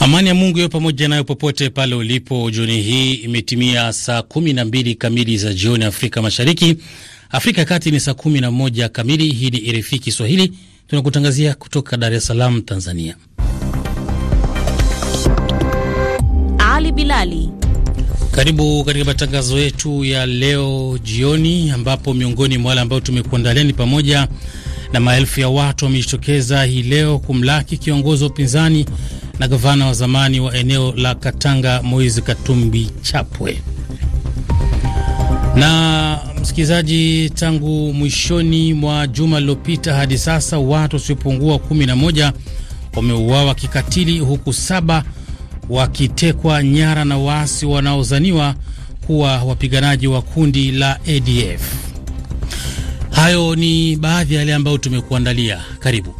Amani ya Mungu iwe pamoja nayo popote pale ulipo. Jioni hii imetimia saa kumi na mbili kamili za jioni Afrika Mashariki, Afrika ya Kati ni saa kumi na moja kamili. Hii ni RFI Kiswahili, tunakutangazia kutoka Dar es Salaam, Tanzania. Ali Bilali, karibu katika matangazo yetu ya leo jioni, ambapo miongoni mwa wale ambao tumekuandalia ni pamoja na maelfu ya watu wamejitokeza hii leo kumlaki kiongozi wa upinzani na gavana wa zamani wa eneo la Katanga Moise Katumbi Chapwe. Na msikilizaji, tangu mwishoni mwa juma lililopita hadi sasa watu wasiopungua 11 wameuawa kikatili, huku saba wakitekwa nyara na waasi wanaozaniwa kuwa wapiganaji wa kundi la ADF. Hayo ni baadhi ya yale ambayo tumekuandalia. Karibu.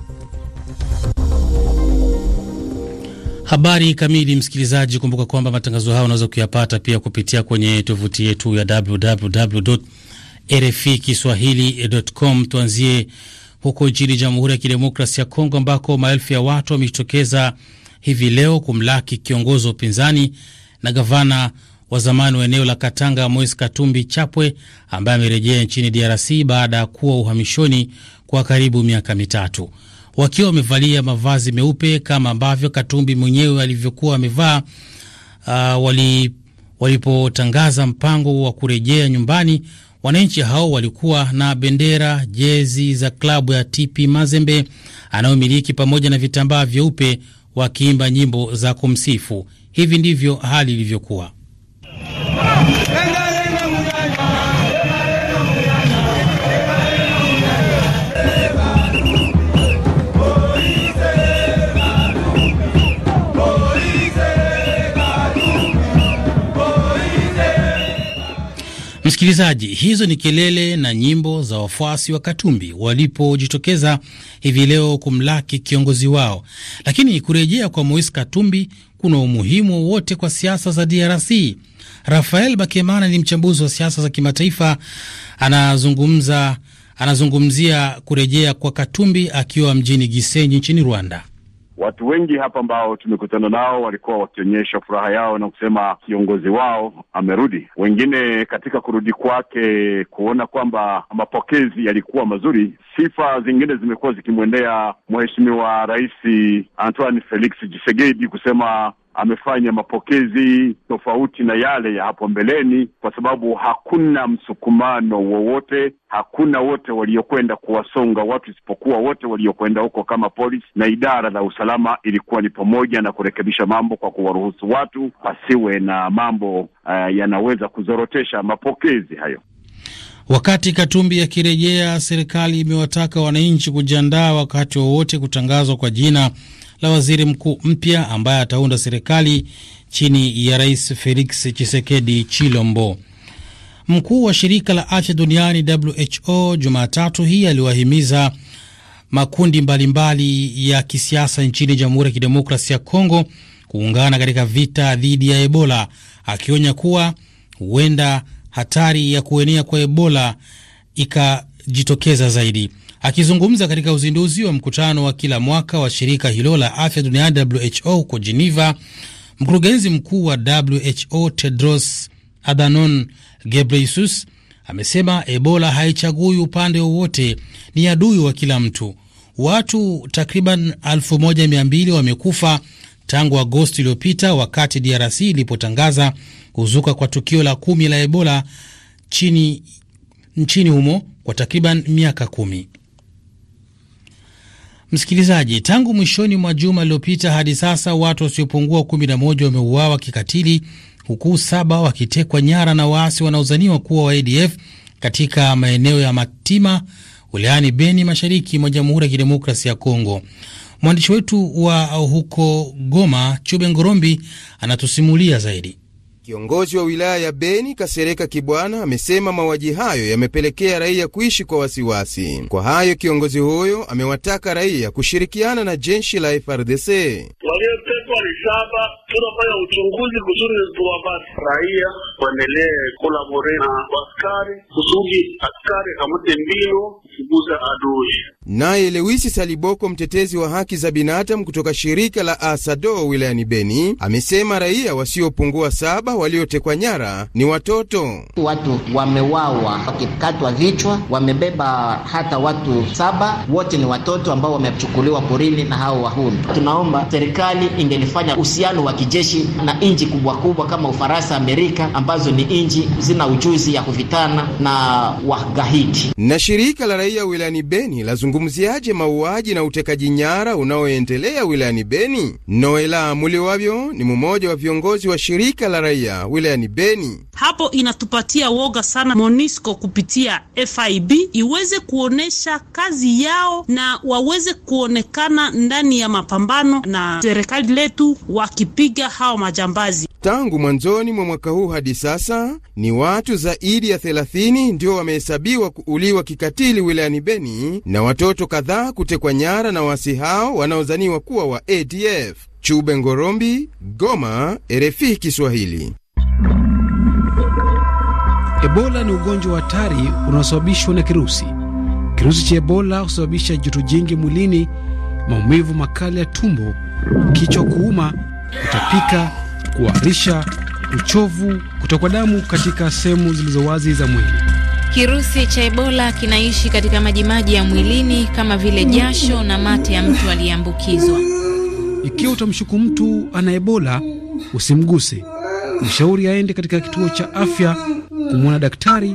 Habari kamili, msikilizaji, kumbuka kwamba matangazo haya unaweza kuyapata pia kupitia kwenye tovuti yetu ya www RFI Kiswahili.com. Tuanzie huko nchini Jamhuri ya Kidemokrasi ya Kongo ambako maelfu ya watu wamejitokeza hivi leo kumlaki kiongozi wa upinzani na gavana wa zamani wa eneo la Katanga Moise Katumbi Chapwe ambaye amerejea nchini DRC baada ya kuwa uhamishoni kwa karibu miaka mitatu wakiwa wamevalia mavazi meupe kama ambavyo Katumbi mwenyewe alivyokuwa amevaa uh, wali, walipotangaza mpango wa kurejea nyumbani. Wananchi hao walikuwa na bendera, jezi za klabu ya TP Mazembe anayomiliki pamoja na vitambaa vyeupe wakiimba nyimbo za kumsifu. Hivi ndivyo hali ilivyokuwa. Msikilizaji, hizo ni kelele na nyimbo za wafuasi wa Katumbi walipojitokeza hivi leo kumlaki kiongozi wao, lakini kurejea kwa Moise Katumbi kuna umuhimu wowote kwa siasa za DRC? Rafael Bakemana ni mchambuzi wa siasa za kimataifa, anazungumza anazungumzia kurejea kwa Katumbi akiwa mjini Gisenyi nchini Rwanda. Watu wengi hapa ambao tumekutana nao walikuwa wakionyesha furaha yao na kusema kiongozi wao amerudi. Wengine katika kurudi kwake, kuona kwamba mapokezi yalikuwa mazuri. Sifa zingine zimekuwa zikimwendea Mheshimiwa Rais Antoine Felix Tshisekedi kusema amefanya mapokezi tofauti na yale ya hapo mbeleni, kwa sababu hakuna msukumano wowote, hakuna wote waliokwenda kuwasonga watu, isipokuwa wote waliokwenda huko kama polisi na idara la usalama ilikuwa ni pamoja na kurekebisha mambo kwa kuwaruhusu watu pasiwe na mambo uh, yanaweza kuzorotesha mapokezi hayo. Wakati Katumbi akirejea, serikali imewataka wananchi kujiandaa wakati wowote kutangazwa kwa jina la waziri mkuu mpya ambaye ataunda serikali chini ya Rais Felix chisekedi Chilombo. Mkuu wa shirika la afya duniani WHO Jumatatu hii aliwahimiza makundi mbalimbali mbali ya kisiasa nchini Jamhuri ya Kidemokrasia ya Kongo kuungana katika vita dhidi ya Ebola, akionya kuwa huenda hatari ya kuenea kwa Ebola ikajitokeza zaidi. Akizungumza katika uzinduzi wa mkutano wa kila mwaka wa shirika hilo la afya duniani WHO huko Geneva, mkurugenzi mkuu wa WHO Tedros Adhanom Ghebreyesus amesema Ebola haichagui upande wowote, ni adui wa kila mtu. Watu takriban 1200 wamekufa tangu Agosti iliyopita wakati DRC ilipotangaza kuzuka kwa tukio la kumi la Ebola chini nchini humo kwa takriban miaka kumi. Msikilizaji, tangu mwishoni mwa juma lililopita hadi sasa watu wasiopungua 11 wameuawa kikatili, huku saba wakitekwa nyara na waasi wanaozaniwa kuwa wa ADF katika maeneo ya Matima wilayani Beni, mashariki mwa Jamhuri ya kidemokrasi ya Kongo. Mwandishi wetu wa huko Goma, Chube Ngorombi, anatusimulia zaidi. Kiongozi wa wilaya ya Beni Kasereka Kibwana amesema mauaji hayo yamepelekea raia kuishi kwa wasiwasi. Kwa hayo kiongozi huyo amewataka raia kushirikiana na jeshi la frdc tarehe saba tunafanya uchunguzi kusudi tuwabasi raia waendelee kolabore na askari kusudi askari kamate mbio kufukuza adui. Naye Lewisi Saliboko, mtetezi wa haki za binadamu kutoka shirika la Asado wilayani Beni, amesema raia wasiopungua saba waliotekwa nyara ni watoto. Watu wamewawa wakikatwa vichwa, wamebeba hata watu saba, wote ni watoto ambao wamechukuliwa porini na hao wahuni. Tunaomba serikali inge ilifanya uhusiano wa kijeshi na nchi kubwa kubwa kama Ufaransa, Amerika, ambazo ni nchi zina ujuzi ya kuvitana na wagahidi. Na shirika la raia wilayani Beni lazungumziaje mauaji na utekaji nyara unaoendelea wilayani Beni? Noela Muliwavyo ni mmoja wa viongozi wa shirika la raia wilayani Beni. Hapo inatupatia woga sana Monisco kupitia FIB iweze kuonesha kazi yao na waweze kuonekana ndani ya mapambano na serikali wetu wakipiga hao majambazi. Tangu mwanzoni mwa mwaka huu hadi sasa ni watu zaidi ya thelathini ndio wamehesabiwa kuuliwa kikatili wilayani Beni na watoto kadhaa kutekwa nyara na wasi hao wanaozaniwa kuwa wa ADF. Chube Ngorombi, Goma, RFI Kiswahili. Ebola ni ugonjwa wa hatari unaosababishwa na kirusi. Kirusi cha Ebola husababisha joto jingi mwilini maumivu makali ya tumbo, kichwa kuuma, kutapika, kuharisha, uchovu, kutokwa damu katika sehemu zilizo wazi za mwili. Kirusi cha Ebola kinaishi katika majimaji ya mwilini kama vile jasho na mate ya mtu aliyeambukizwa. Ikiwa utamshuku mtu ana Ebola, usimguse, mshauri aende katika kituo cha afya kumwona daktari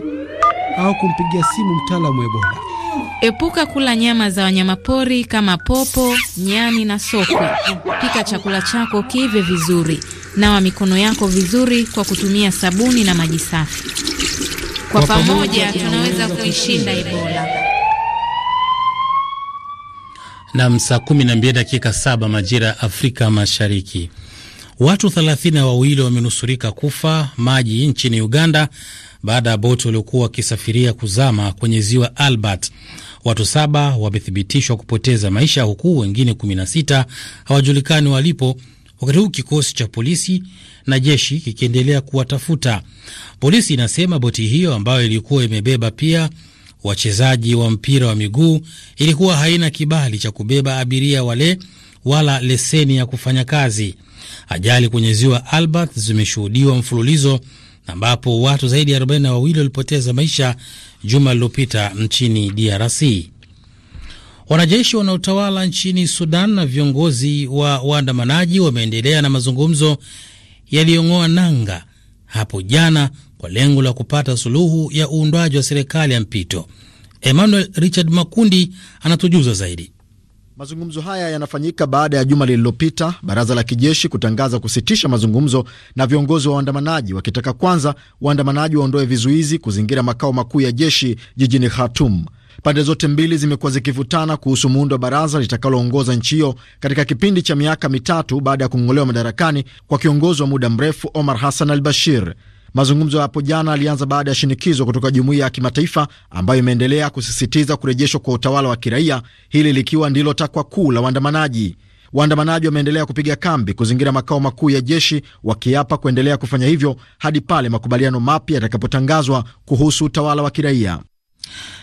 au kumpigia simu mtaalamu wa Ebola. Epuka kula nyama za wanyamapori kama popo, nyani na sokwe. Pika chakula chako kiive vizuri. Nawa mikono yako vizuri kwa kutumia sabuni na maji safi. Kwa pamoja tunaweza kuishinda Ebola. Nam, saa 12 dakika 7 majira ya Afrika Mashariki. Watu thelathini na wawili wamenusurika kufa maji nchini Uganda baada ya boti waliokuwa wakisafiria kuzama kwenye ziwa Albert. Watu saba wamethibitishwa kupoteza maisha huku wengine 16 hawajulikani walipo, wakati huu kikosi cha polisi na jeshi kikiendelea kuwatafuta. Polisi inasema boti hiyo ambayo ilikuwa imebeba pia wachezaji wa mpira wa miguu ilikuwa haina kibali cha kubeba abiria wale wala leseni ya kufanya kazi. Ajali kwenye ziwa Albert zimeshuhudiwa mfululizo ambapo watu zaidi ya 42 walipoteza maisha juma lililopita nchini DRC. Wanajeshi wanaotawala nchini Sudan na viongozi wa waandamanaji wameendelea na mazungumzo yaliyong'oa nanga hapo jana kwa lengo la kupata suluhu ya uundwaji wa serikali ya mpito. Emmanuel Richard Makundi anatujuza zaidi. Mazungumzo haya yanafanyika baada ya juma lililopita baraza la kijeshi kutangaza kusitisha mazungumzo na viongozi wa waandamanaji, wakitaka kwanza waandamanaji waondoe vizuizi kuzingira makao makuu ya jeshi jijini Khartoum. Pande zote mbili zimekuwa zikivutana kuhusu muundo wa baraza litakaloongoza nchi hiyo katika kipindi cha miaka mitatu baada ya kung'olewa madarakani kwa kiongozi wa muda mrefu Omar Hassan al-Bashir. Mazungumzo hapo jana alianza baada ya shinikizo kutoka jumuiya ya kimataifa ambayo imeendelea kusisitiza kurejeshwa kwa utawala wa kiraia, hili likiwa ndilo takwa kuu la waandamanaji. Waandamanaji wameendelea kupiga kambi kuzingira makao makuu ya jeshi, wakiapa kuendelea kufanya hivyo hadi pale makubaliano mapya yatakapotangazwa kuhusu utawala wa kiraia.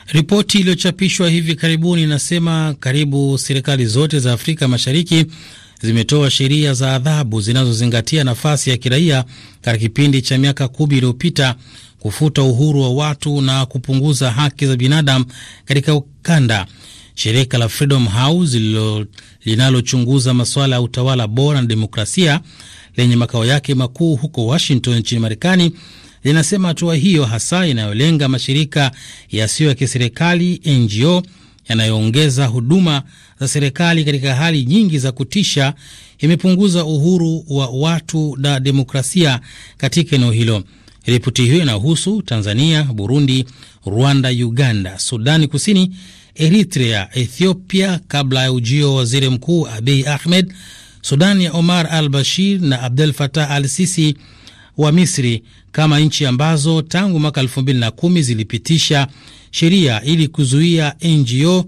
Ripoti iliyochapishwa hivi karibuni inasema karibu serikali zote za Afrika Mashariki zimetoa sheria za adhabu zinazozingatia nafasi ya kiraia katika kipindi cha miaka kumi iliyopita, kufuta uhuru wa watu na kupunguza haki za binadamu katika ukanda. Shirika la Freedom House linalochunguza masuala ya utawala bora na demokrasia lenye makao yake makuu huko Washington nchini Marekani linasema hatua hiyo hasa inayolenga mashirika yasiyo ya kiserikali NGO yanayoongeza huduma za serikali katika hali nyingi za kutisha imepunguza uhuru wa watu na demokrasia katika eneo hilo. Ripoti hiyo inahusu Tanzania, Burundi, Rwanda, Uganda, Sudani Kusini, Eritrea, Ethiopia kabla ya ujio wa waziri mkuu Abiy Ahmed, sudani ya Omar al Bashir na Abdel Fattah al Sisi wa Misri kama nchi ambazo tangu mwaka 2010 zilipitisha sheria ili kuzuia NGO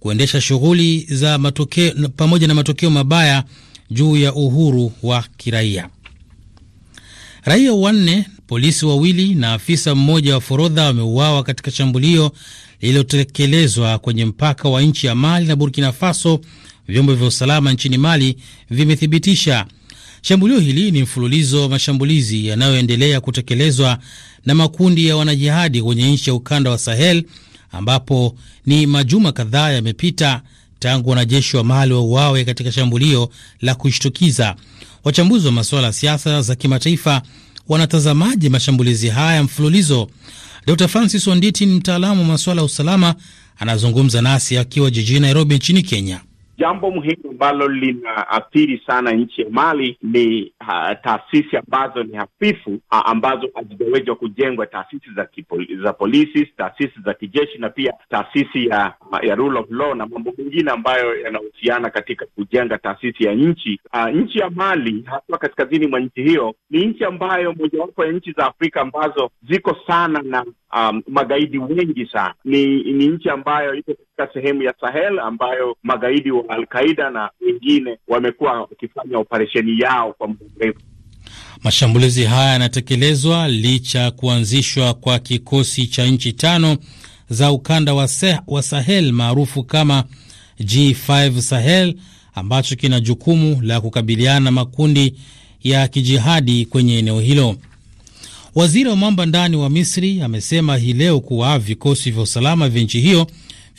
kuendesha shughuli za matokeo pamoja na matokeo mabaya juu ya uhuru wa kiraia. Raia wanne, polisi wawili na afisa mmoja wa forodha wameuawa katika shambulio lililotekelezwa kwenye mpaka wa nchi ya Mali na Burkina Faso, vyombo vya usalama nchini Mali vimethibitisha. Shambulio hili ni mfululizo wa mashambulizi yanayoendelea kutekelezwa na makundi ya wanajihadi kwenye nchi ya ukanda wa Sahel, ambapo ni majuma kadhaa yamepita tangu wanajeshi wa Mali wauawe katika shambulio la kushtukiza. Wachambuzi wa masuala ya siasa za kimataifa wanatazamaje mashambulizi haya mfululizo? Dr Francis Wanditi ni mtaalamu wa masuala ya usalama, anazungumza nasi akiwa jijini Nairobi nchini Kenya. Jambo muhimu ambalo linaathiri sana nchi ya Mali ni uh, taasisi ambazo ni hafifu uh, ambazo hazijawezwa kujengwa, taasisi za kipoli, za polisi, taasisi za kijeshi na pia taasisi ya, ya rule of law na mambo mengine ambayo yanahusiana katika kujenga taasisi ya nchi uh, nchi ya Mali haswa kaskazini mwa nchi hiyo ni nchi ambayo mojawapo ya nchi za Afrika ambazo ziko sana na um, magaidi wengi sana. Ni, ni nchi ambayo iko katika sehemu ya Sahel ambayo magaidi wa Alqaida na wengine wamekuwa wakifanya operesheni yao kwa muda mrefu. Mashambulizi haya yanatekelezwa licha ya kuanzishwa kwa kikosi cha nchi tano za ukanda wa, seh, wa Sahel maarufu kama G5 Sahel ambacho kina jukumu la kukabiliana na makundi ya kijihadi kwenye eneo hilo. Waziri wa mambo ya ndani wa Misri amesema hii leo kuwa vikosi vya usalama vya nchi hiyo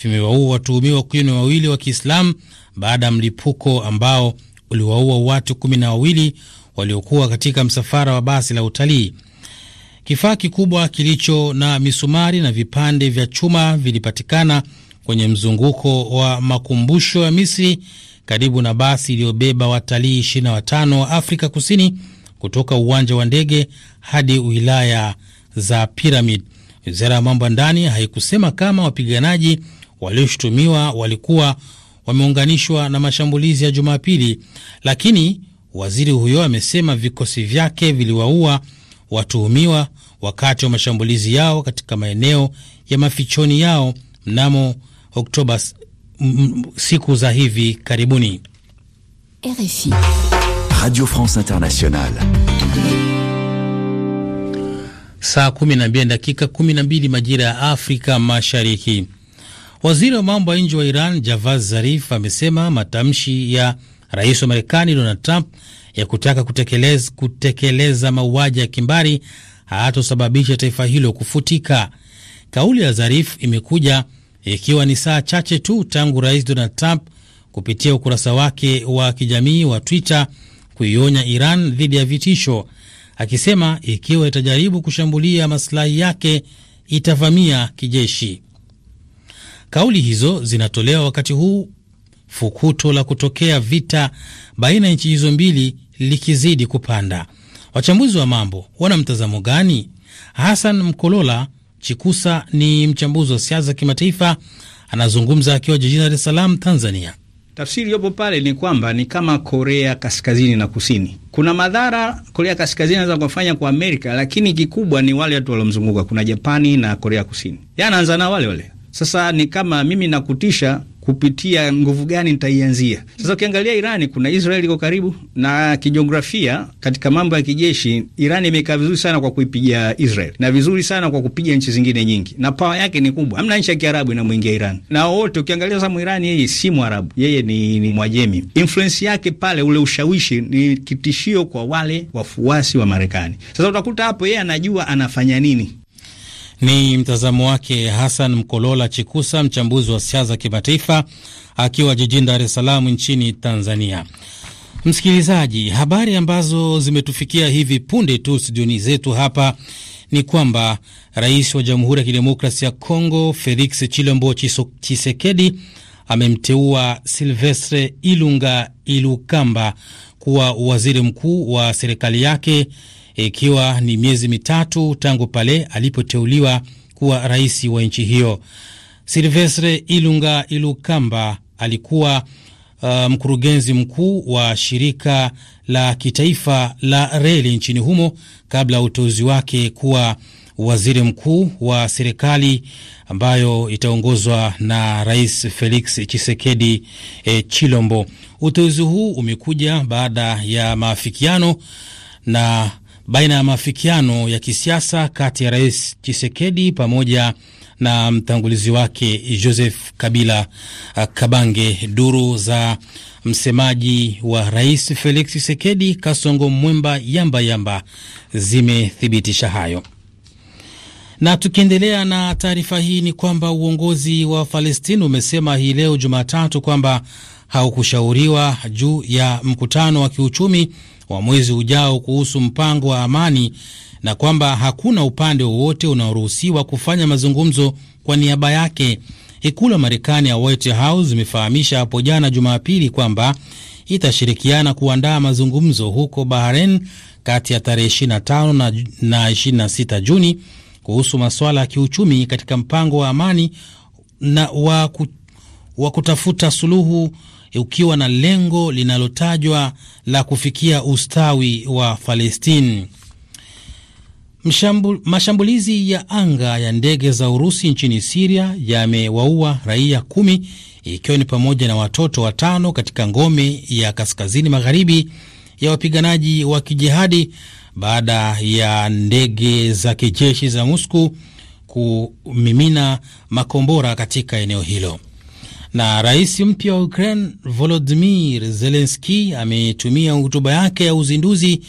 vimewaua watuhumiwa kumi na wawili wa Kiislamu baada ya mlipuko ambao uliwaua watu kumi na wawili waliokuwa katika msafara wa basi la utalii. Kifaa kikubwa kilicho na misumari na vipande vya chuma vilipatikana kwenye mzunguko wa makumbusho ya Misri karibu na basi iliyobeba watalii 25 wa Afrika Kusini kutoka uwanja wa ndege hadi wilaya za Piramid. Wizara ya mambo ya ndani haikusema kama wapiganaji walioshutumiwa walikuwa wameunganishwa na mashambulizi ya Jumapili, lakini waziri huyo amesema vikosi vyake viliwaua watuhumiwa wakati wa mashambulizi yao katika maeneo ya mafichoni yao mnamo Oktoba siku za hivi karibuni. RFI, Radio France Internationale. Saa 12 dakika 12 majira ya Afrika Mashariki. Waziri wa mambo ya nje wa Iran Javad Zarif amesema matamshi ya rais wa Marekani Donald Trump ya kutaka kutekeleza, kutekeleza mauaji ya kimbari hayatosababisha taifa hilo kufutika. Kauli ya Zarif imekuja ikiwa ni saa chache tu tangu rais Donald Trump kupitia ukurasa wake wa kijamii wa Twitter kuionya Iran dhidi ya vitisho, akisema ikiwa itajaribu kushambulia masilahi yake itavamia kijeshi. Kauli hizo zinatolewa wakati huu fukuto la kutokea vita baina ya nchi hizo mbili likizidi kupanda. Wachambuzi wa mambo wana mtazamo gani? Hassan Mkolola Chikusa ni mchambuzi wa siasa za kimataifa, anazungumza akiwa jijini Dar es Salaam, Tanzania. Tafsiri iliyopo pale ni kwamba ni kama Korea Kaskazini na Kusini. Kuna madhara Korea Kaskazini anaweza kufanya kwa Amerika, lakini kikubwa ni wale watu waliomzunguka. Kuna Japani na Korea Kusini, yanaanza yaani na wale wale sasa ni kama mimi nakutisha kupitia nguvu gani nitaianzia? Sasa ukiangalia Irani, kuna Israeli iko karibu, na kijiografia, katika mambo ya kijeshi, Irani imekaa vizuri sana kwa kuipiga Israel na vizuri sana kwa kupiga nchi zingine nyingi, na pawa yake ni kubwa. Hamna nchi ya Kiarabu inamwingia Irani na wote. Ukiangalia sasa, Mwirani yeye si Mwarabu, yeye ni, ni Mwajemi. Influensi yake pale, ule ushawishi ni kitishio kwa wale wafuasi wa Marekani. Sasa utakuta hapo yeye anajua anafanya nini. Ni mtazamo wake Hassan Mkolola Chikusa, mchambuzi wa siasa za kimataifa, akiwa jijini Dar es Salaam nchini Tanzania. Msikilizaji, habari ambazo zimetufikia hivi punde tu studioni zetu hapa ni kwamba rais wa Jamhuri ya Kidemokrasi ya Kongo Felix Chilombo Chisekedi amemteua Silvestre Ilunga Ilukamba kuwa waziri mkuu wa serikali yake ikiwa ni miezi mitatu tangu pale alipoteuliwa kuwa rais wa nchi hiyo. Silvestre Ilunga Ilukamba alikuwa uh, mkurugenzi mkuu wa shirika la kitaifa la reli nchini humo kabla ya uteuzi wake kuwa waziri mkuu wa serikali ambayo itaongozwa na Rais Felix Chisekedi e, eh, Chilombo. Uteuzi huu umekuja baada ya maafikiano na baina ya maafikiano ya kisiasa kati ya Rais chisekedi pamoja na mtangulizi wake Joseph Kabila uh, Kabange. Duru za msemaji wa Rais Felix chisekedi Kasongo Mwemba yamba yamba zimethibitisha hayo. Na tukiendelea na taarifa hii ni kwamba uongozi wa Palestina umesema hii leo Jumatatu kwamba haukushauriwa juu ya mkutano wa kiuchumi wa mwezi ujao kuhusu mpango wa amani na kwamba hakuna upande wowote unaoruhusiwa kufanya mazungumzo kwa niaba yake. Ikulu ya Marekani ya White House imefahamisha hapo jana Jumapili kwamba itashirikiana kuandaa mazungumzo huko Bahrain kati ya tarehe 25 na 26 Juni kuhusu masuala ya kiuchumi katika mpango wa amani na wa kutafuta suluhu Eh, ukiwa na lengo linalotajwa la kufikia ustawi wa Palestine. Mshambu, mashambulizi ya anga ya ndege za Urusi nchini Siria yamewaua raia kumi ikiwa ni pamoja na watoto watano katika ngome ya kaskazini magharibi ya wapiganaji wa kijihadi baada ya ndege za kijeshi za Moscow kumimina makombora katika eneo hilo. Na rais mpya wa Ukraine Volodymyr Zelensky ametumia hotuba yake ya uzinduzi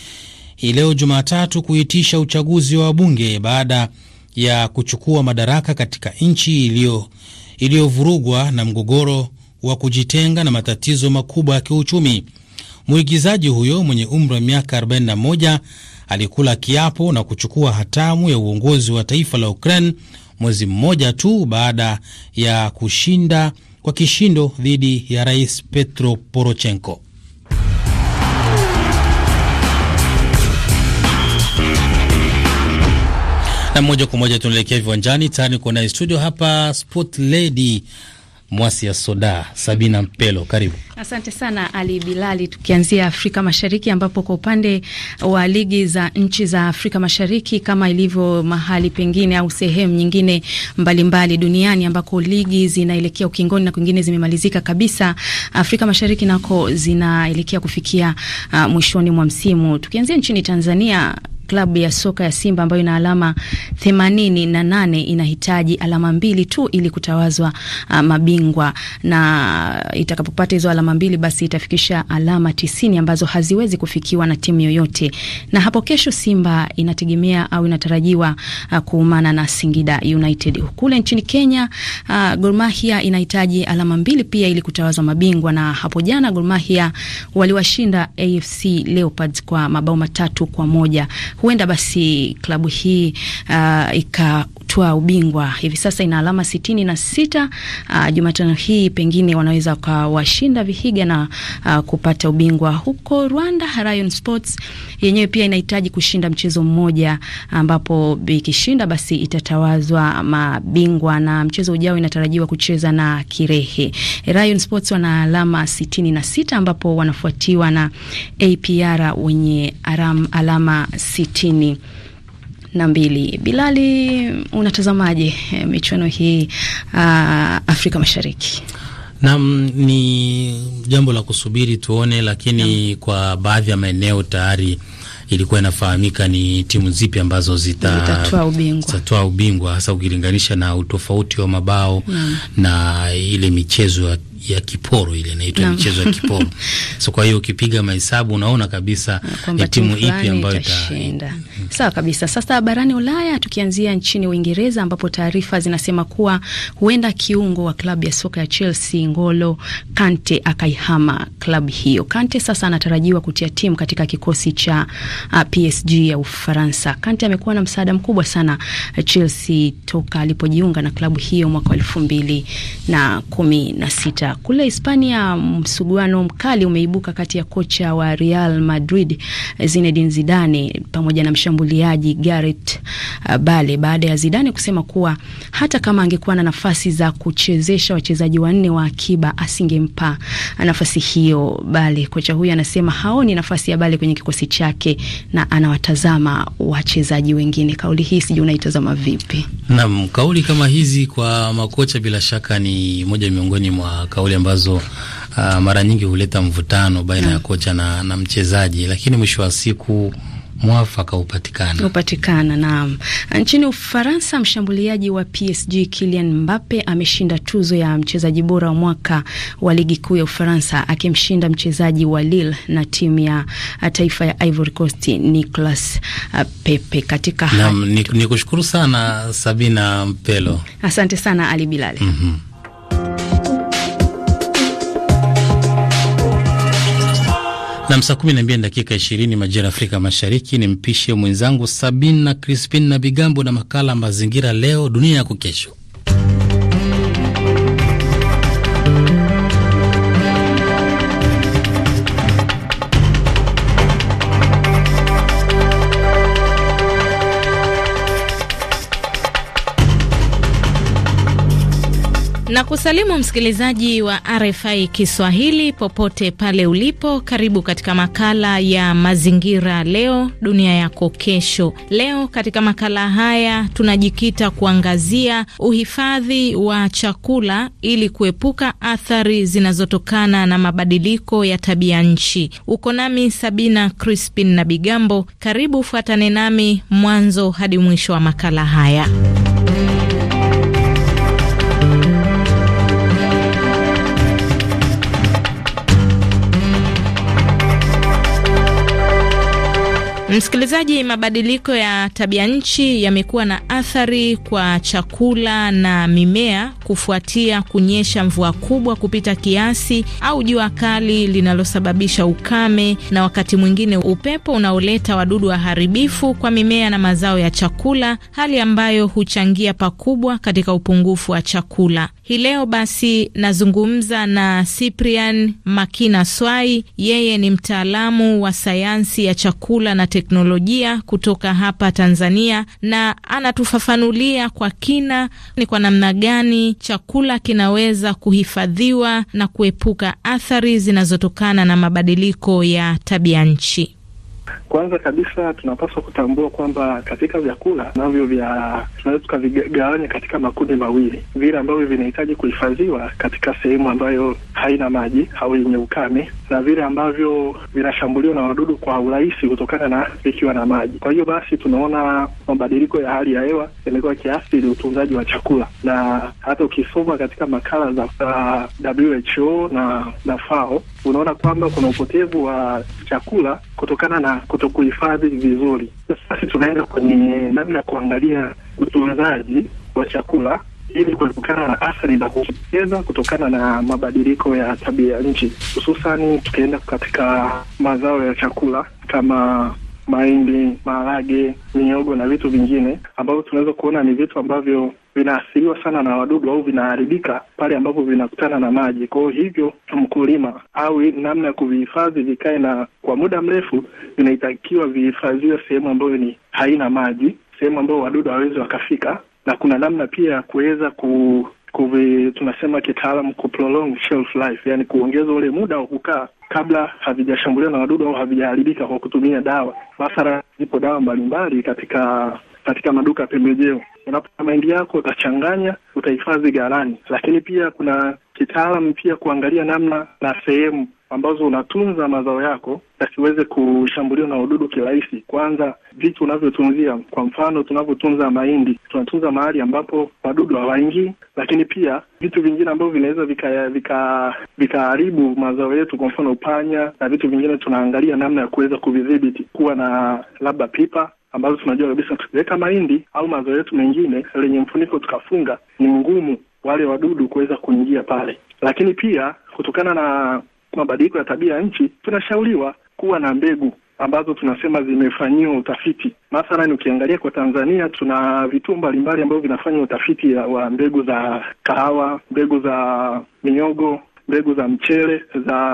hii leo Jumatatu kuitisha uchaguzi wa wabunge baada ya kuchukua madaraka katika nchi iliyovurugwa na mgogoro wa kujitenga na matatizo makubwa ya kiuchumi. Mwigizaji huyo mwenye umri wa miaka 41 alikula kiapo na kuchukua hatamu ya uongozi wa taifa la Ukraine mwezi mmoja tu baada ya kushinda kwa kishindo dhidi ya Rais Petro Porochenko. Na moja kwa moja tunaelekea viwanjani tayari naye studio hapa Sport Lady Mwasi ya Soda, Sabina Mpelo, karibu. Asante sana Ali Bilali. Tukianzia Afrika Mashariki, ambapo kwa upande wa ligi za nchi za Afrika Mashariki, kama ilivyo mahali pengine au sehemu nyingine mbalimbali mbali duniani ambako ligi zinaelekea ukingoni na kwingine zimemalizika kabisa, Afrika Mashariki nako zinaelekea kufikia uh, mwishoni mwa msimu. Tukianzia nchini Tanzania klabu ya soka ya Simba ambayo ina alama 88 inahitaji alama mbili tu ili kutawazwa uh, mabingwa, na itakapopata hizo alama mbili basi itafikisha alama tisini ambazo haziwezi kufikiwa na timu yoyote. Na hapo kesho Simba inategemea au inatarajiwa uh, kuumana na Singida United. Kule nchini Kenya uh, Gor Mahia inahitaji alama mbili pia ili kutawazwa mabingwa, na hapo jana Gor Mahia waliwashinda AFC Leopards kwa mabao matatu kwa moja huenda basi klabu hii uh, ika kutwaa ubingwa hivi sasa ina alama sitini na sita. Uh, Jumatano hii pengine wanaweza wakawashinda Vihiga na uh, kupata ubingwa huko Rwanda. Rayon Sports yenyewe pia inahitaji kushinda mchezo mmoja, ambapo ikishinda basi itatawazwa mabingwa, na mchezo ujao inatarajiwa kucheza na Kirehe. Rayon Sports wana alama sitini na sita ambapo wanafuatiwa na APR wenye alama sitini na mbili. Bilali, unatazamaje eh, michuano hii uh, Afrika Mashariki? Naam, ni jambo la kusubiri tuone, lakini na, kwa baadhi ya maeneo tayari ilikuwa inafahamika ni timu zipi ambazo zitatoa ubingwa, ubingwa hasa ukilinganisha na utofauti wa mabao na, na ile michezo ya ya kiporo ile inaitwa michezo ya kiporo. So kwa hiyo ukipiga mahesabu unaona kabisa ni timu ipi ambayo itashinda. Mm. Sawa kabisa. Sasa barani Ulaya tukianzia nchini Uingereza ambapo taarifa zinasema kuwa huenda kiungo wa klabu ya soka ya Chelsea Ngolo Kante akaihama klabu hiyo. Kante sasa anatarajiwa kutia timu katika kikosi cha uh, PSG ya Ufaransa. Kante amekuwa na msaada mkubwa sana uh, Chelsea toka alipojiunga na klabu hiyo mwaka wa elfu mbili na kumi na sita kule Hispania, msuguano mkali umeibuka kati ya kocha wa Real Madrid Zinedine Zidane pamoja na mshambuliaji Gareth uh, Bale baada ya Zidane kusema kuwa hata kama angekuwa na nafasi za kuchezesha wachezaji wanne wa akiba asingempa nafasi hiyo Bale. Kocha huyo anasema haoni nafasi ya Bale kwenye kikosi chake na anawatazama wachezaji wengine. Kauli hii sijui unaitazama vipi? Naam, kauli kama hizi kwa makocha bila shaka ni moja miongoni mwa kauli ambazo uh, mara nyingi huleta mvutano baina ya kocha na, na mchezaji, lakini mwisho wa siku mwafaka upatikana upatikana. Naam, nchini Ufaransa, mshambuliaji wa PSG Kylian Mbappe ameshinda tuzo ya mchezaji bora wa mwaka wa ligi kuu ya Ufaransa akimshinda mchezaji wa Lille na timu ya taifa ya Ivory Coast Nicolas ah, Pepe. Katika naam, nikushukuru sana Sabina Mpelo, asante sana Ali Bilali. mm -hmm. Nam, saa kumi na mbili dakika ishirini majira Afrika Mashariki. Ni mpishe mwenzangu Sabina Crispin na Bigambo na makala Mazingira Leo Dunia Yako Kesho. Na kusalimu msikilizaji wa RFI Kiswahili popote pale ulipo, karibu katika makala ya mazingira leo dunia yako kesho. Leo katika makala haya tunajikita kuangazia uhifadhi wa chakula ili kuepuka athari zinazotokana na mabadiliko ya tabia nchi. Uko nami Sabina Crispin na Bigambo, karibu fuatane nami mwanzo hadi mwisho wa makala haya. Msikilizaji, mabadiliko ya tabia nchi yamekuwa na athari kwa chakula na mimea kufuatia kunyesha mvua kubwa kupita kiasi au jua kali linalosababisha ukame na wakati mwingine upepo unaoleta wadudu waharibifu kwa mimea na mazao ya chakula, hali ambayo huchangia pakubwa katika upungufu wa chakula. Hii leo basi nazungumza na Cyprian Makina Swai, yeye ni mtaalamu wa sayansi ya chakula na teknolojia kutoka hapa Tanzania, na anatufafanulia kwa kina ni kwa namna gani chakula kinaweza kuhifadhiwa na kuepuka athari zinazotokana na mabadiliko ya tabia nchi. Kwanza kabisa tunapaswa kutambua kwamba katika vyakula navyo vya tunaweza tukavigawanya katika makundi mawili, vile ambavyo vinahitaji kuhifadhiwa katika sehemu ambayo haina maji au yenye ukame, na vile ambavyo vinashambuliwa na wadudu kwa urahisi kutokana na vikiwa na maji. Kwa hiyo basi, tunaona mabadiliko ya hali ya hewa yamekuwa kiathiri utunzaji wa chakula, na hata ukisoma katika makala za WHO na na FAO unaona kwamba kuna upotevu wa chakula kutokana na kutokuhifadhi vizuri. Sasa tunaenda kwenye namna ya kuangalia utunzaji wa chakula ili kuepukana na athari za kujitokeza kutokana na mabadiliko ya tabia ya nchi, hususani tukienda katika mazao ya chakula kama mahindi, maharage, miogo na vitu vingine ambavyo tunaweza kuona ni vitu ambavyo vinaathiriwa sana na wadudu au vinaharibika pale ambapo vinakutana na maji. Kwa hivyo mkulima au namna ya kuvihifadhi vikae na kwa muda mrefu, vinaitakiwa vihifadhiwe sehemu ambayo ni haina maji, sehemu ambayo wadudu hawawezi wakafika, na kuna namna pia ya kuweza ku kuvi, tunasema kitaalamu ku prolong shelf life, yani kuongeza ule muda wa kukaa kabla havijashambuliwa na wadudu au havijaharibika kwa kutumia dawa. Mathala zipo dawa mbalimbali katika katika maduka ya pembejeo. Unapoa mahindi yako, utachanganya, utahifadhi ghalani, lakini pia kuna kitaalam pia kuangalia namna na sehemu ambazo unatunza mazao yako yasiweze kushambuliwa na wadudu kirahisi. Kwanza vitu unavyotunzia, kwa mfano tunavyotunza mahindi, tunatunza mahali ambapo wadudu hawaingii, lakini pia vitu vingine ambavyo vinaweza vikaharibu vika, vika mazao yetu, kwa mfano upanya na vitu vingine, tunaangalia namna ya kuweza kuvidhibiti, kuwa na labda pipa ambazo tunajua kabisa tukiweka mahindi au mazao yetu mengine lenye mfuniko tukafunga, ni ngumu wale wadudu kuweza kuingia pale. Lakini pia kutokana na mabadiliko ya tabia ya nchi, tunashauriwa kuwa na mbegu ambazo tunasema zimefanyiwa utafiti. Mathalani, ukiangalia kwa Tanzania tuna vituo mbalimbali ambavyo vinafanya utafiti wa mbegu za kahawa, mbegu za mihogo, mbegu za mchele, za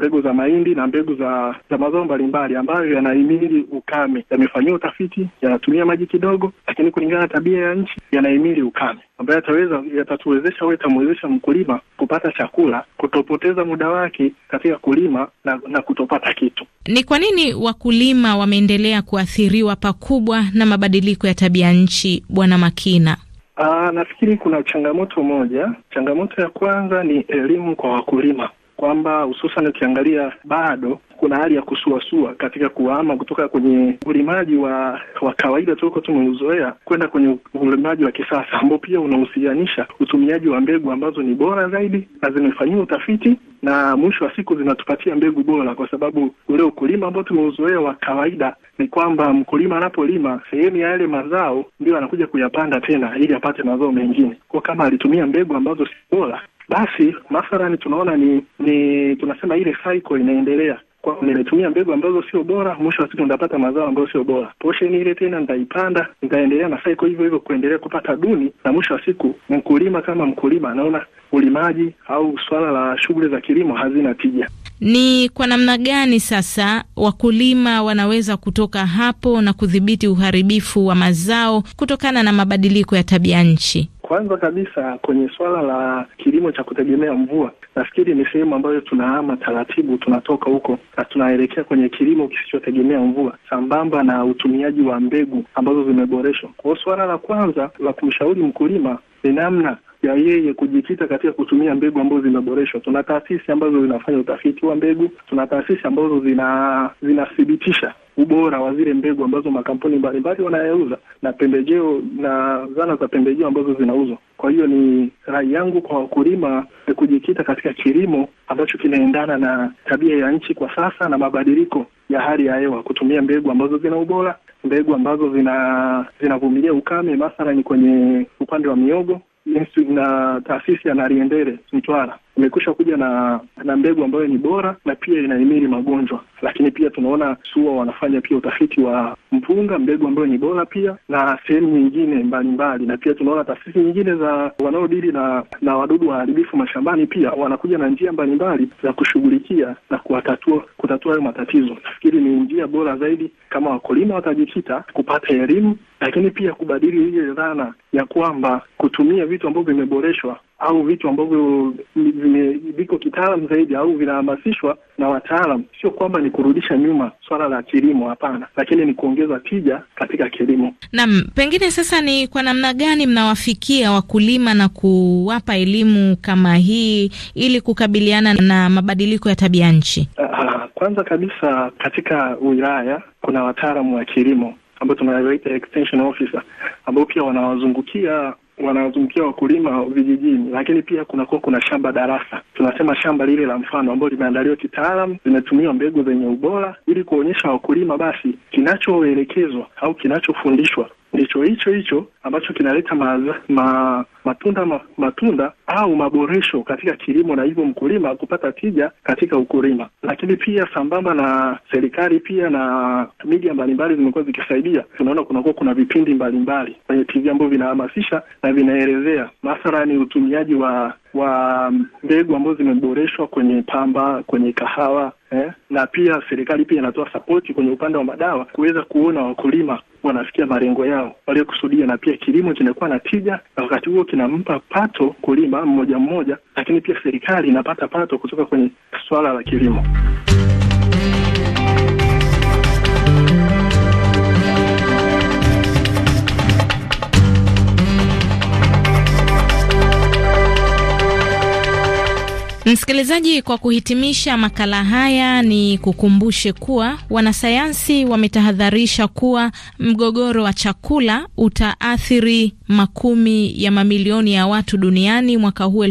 mbegu za mahindi na mbegu za, za mazao mbalimbali ambayo yanahimili ukame, yamefanyiwa utafiti, yanatumia maji kidogo, lakini kulingana na tabia ya nchi yanahimili ukame, ambayo yataweza yatatuwezesha au yatamwezesha mkulima kupata chakula, kutopoteza muda wake katika kulima na, na kutopata kitu. Ni kwa nini wakulima wameendelea kuathiriwa pakubwa na mabadiliko ya tabia nchi, Bwana Makina? Aa, nafikiri kuna changamoto moja. Changamoto ya kwanza ni elimu kwa wakulima kwamba hususan ukiangalia bado kuna hali ya kusuasua katika kuhama kutoka kwenye ulimaji wa wa kawaida tuliko tumeuzoea kwenda kwenye ulimaji wa kisasa ambao pia unahusianisha utumiaji wa mbegu ambazo ni bora zaidi na zimefanyiwa utafiti na mwisho wa siku zinatupatia mbegu bora, kwa sababu ule ukulima ambao tumeuzoea wa kawaida ni kwamba mkulima anapolima sehemu ya yale mazao ndio anakuja kuyapanda tena ili apate mazao mengine, kwa kama alitumia mbegu ambazo si bora basi mathalani tunaona ni ni tunasema ile cycle inaendelea kwa nimetumia mbegu ambazo sio bora, mwisho wa siku nitapata mazao ambayo sio bora. Posheni ile tena nitaipanda, nitaendelea na cycle hivyo hivyo kuendelea kupata duni, na mwisho wa siku mkulima kama mkulima anaona ulimaji au swala la shughuli za kilimo hazina tija. Ni kwa namna gani sasa wakulima wanaweza kutoka hapo na kudhibiti uharibifu wa mazao kutokana na mabadiliko ya tabia nchi? Kwanza kabisa kwenye suala la kilimo cha kutegemea mvua, nafikiri ni sehemu ambayo tunahama taratibu, tunatoka huko na tunaelekea kwenye kilimo kisichotegemea mvua, sambamba na utumiaji wa mbegu ambazo zimeboreshwa. Kwa hiyo suala la kwanza la kumshauri mkulima ni namna ya yeye kujikita katika kutumia mbegu ambazo zimeboreshwa. Tuna taasisi ambazo zinafanya utafiti wa mbegu, tuna taasisi ambazo zina zinathibitisha ubora wa zile mbegu ambazo makampuni mbalimbali wanayauza na pembejeo na zana za pembejeo ambazo zinauzwa. Kwa hiyo ni rai yangu kwa wakulima kujikita katika kilimo ambacho kinaendana na tabia ya nchi kwa sasa na mabadiliko ya hali ya hewa, kutumia mbegu ambazo zina ubora, mbegu ambazo zina zinavumilia ukame, mathalani kwenye upande wa miogo Yesu na taasisi ya Nariendere Mtwara imekwisha kuja na na mbegu ambayo ni bora na pia inahimili magonjwa. Lakini pia tunaona SUA wanafanya pia utafiti wa mpunga, mbegu ambayo ni bora pia na sehemu nyingine mbalimbali, na pia tunaona taasisi nyingine za wanaodili na na wadudu waharibifu mashambani pia wanakuja na njia mbalimbali za kushughulikia na kuwatatua kutatua hayo matatizo. Nafikiri ni njia bora zaidi kama wakulima watajikita kupata elimu, lakini pia kubadili ile dhana ya kwamba kutumia vitu ambavyo vimeboreshwa au vitu ambavyo viko kitaalam zaidi au vinahamasishwa na wataalam. Sio kwamba ni kurudisha nyuma swala la kilimo, hapana, lakini ni kuongeza tija katika kilimo. Naam, pengine sasa ni kwa namna gani mnawafikia wakulima na kuwapa elimu kama hii ili kukabiliana na mabadiliko ya tabia nchi? Ah, kwanza kabisa katika wilaya kuna wataalamu wa kilimo ambao tunawaita extension officer ambao pia wanawazungukia wanazungukia wakulima vijijini, lakini pia kunakuwa kuna shamba darasa, tunasema shamba lile la mfano ambalo limeandaliwa kitaalam, limetumiwa mbegu zenye ubora, ili kuonyesha wakulima basi kinachoelekezwa au kinachofundishwa ndicho hicho hicho ambacho kinaleta ma matunda ma, matunda au maboresho katika kilimo na hivyo mkulima kupata tija katika ukulima. Lakini pia sambamba na serikali pia na media mbalimbali zimekuwa zikisaidia, tunaona kunakuwa kuna vipindi mbalimbali kwenye TV ambavyo vinahamasisha na vinaelezea mathalani utumiaji wa wa mbegu ambazo zimeboreshwa kwenye pamba, kwenye kahawa eh? Na pia serikali pia inatoa sapoti kwenye upande wa madawa kuweza kuona wakulima wanafikia malengo yao waliokusudia, na pia kilimo kinakuwa na tija, na wakati huo kinampa pato kulima mmoja mmoja, lakini pia serikali inapata pato kutoka kwenye swala la kilimo. Msikilizaji, kwa kuhitimisha makala haya, ni kukumbushe kuwa wanasayansi wametahadharisha kuwa mgogoro wa chakula utaathiri makumi ya mamilioni ya watu duniani mwaka huu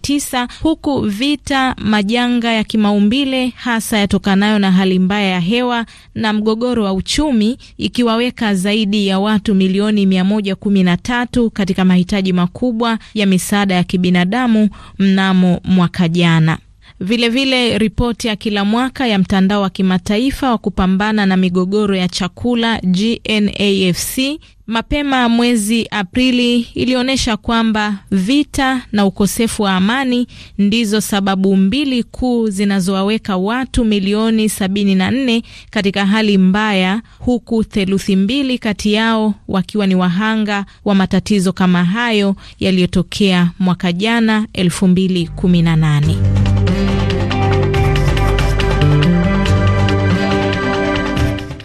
tisa, huku vita, majanga ya kimaumbile hasa yatokanayo na hali mbaya ya hewa na mgogoro wa uchumi ikiwaweka zaidi ya watu milioni 113 katika mahitaji makubwa ya misaada ya kibinadamu mnamo mwa mwaka jana. Vilevile, ripoti ya kila mwaka ya mtandao wa kimataifa wa kupambana na migogoro ya chakula GNAFC mapema mwezi Aprili ilionyesha kwamba vita na ukosefu wa amani ndizo sababu mbili kuu zinazowaweka watu milioni 74 katika hali mbaya, huku theluthi mbili kati yao wakiwa ni wahanga wa matatizo kama hayo yaliyotokea mwaka jana 2018.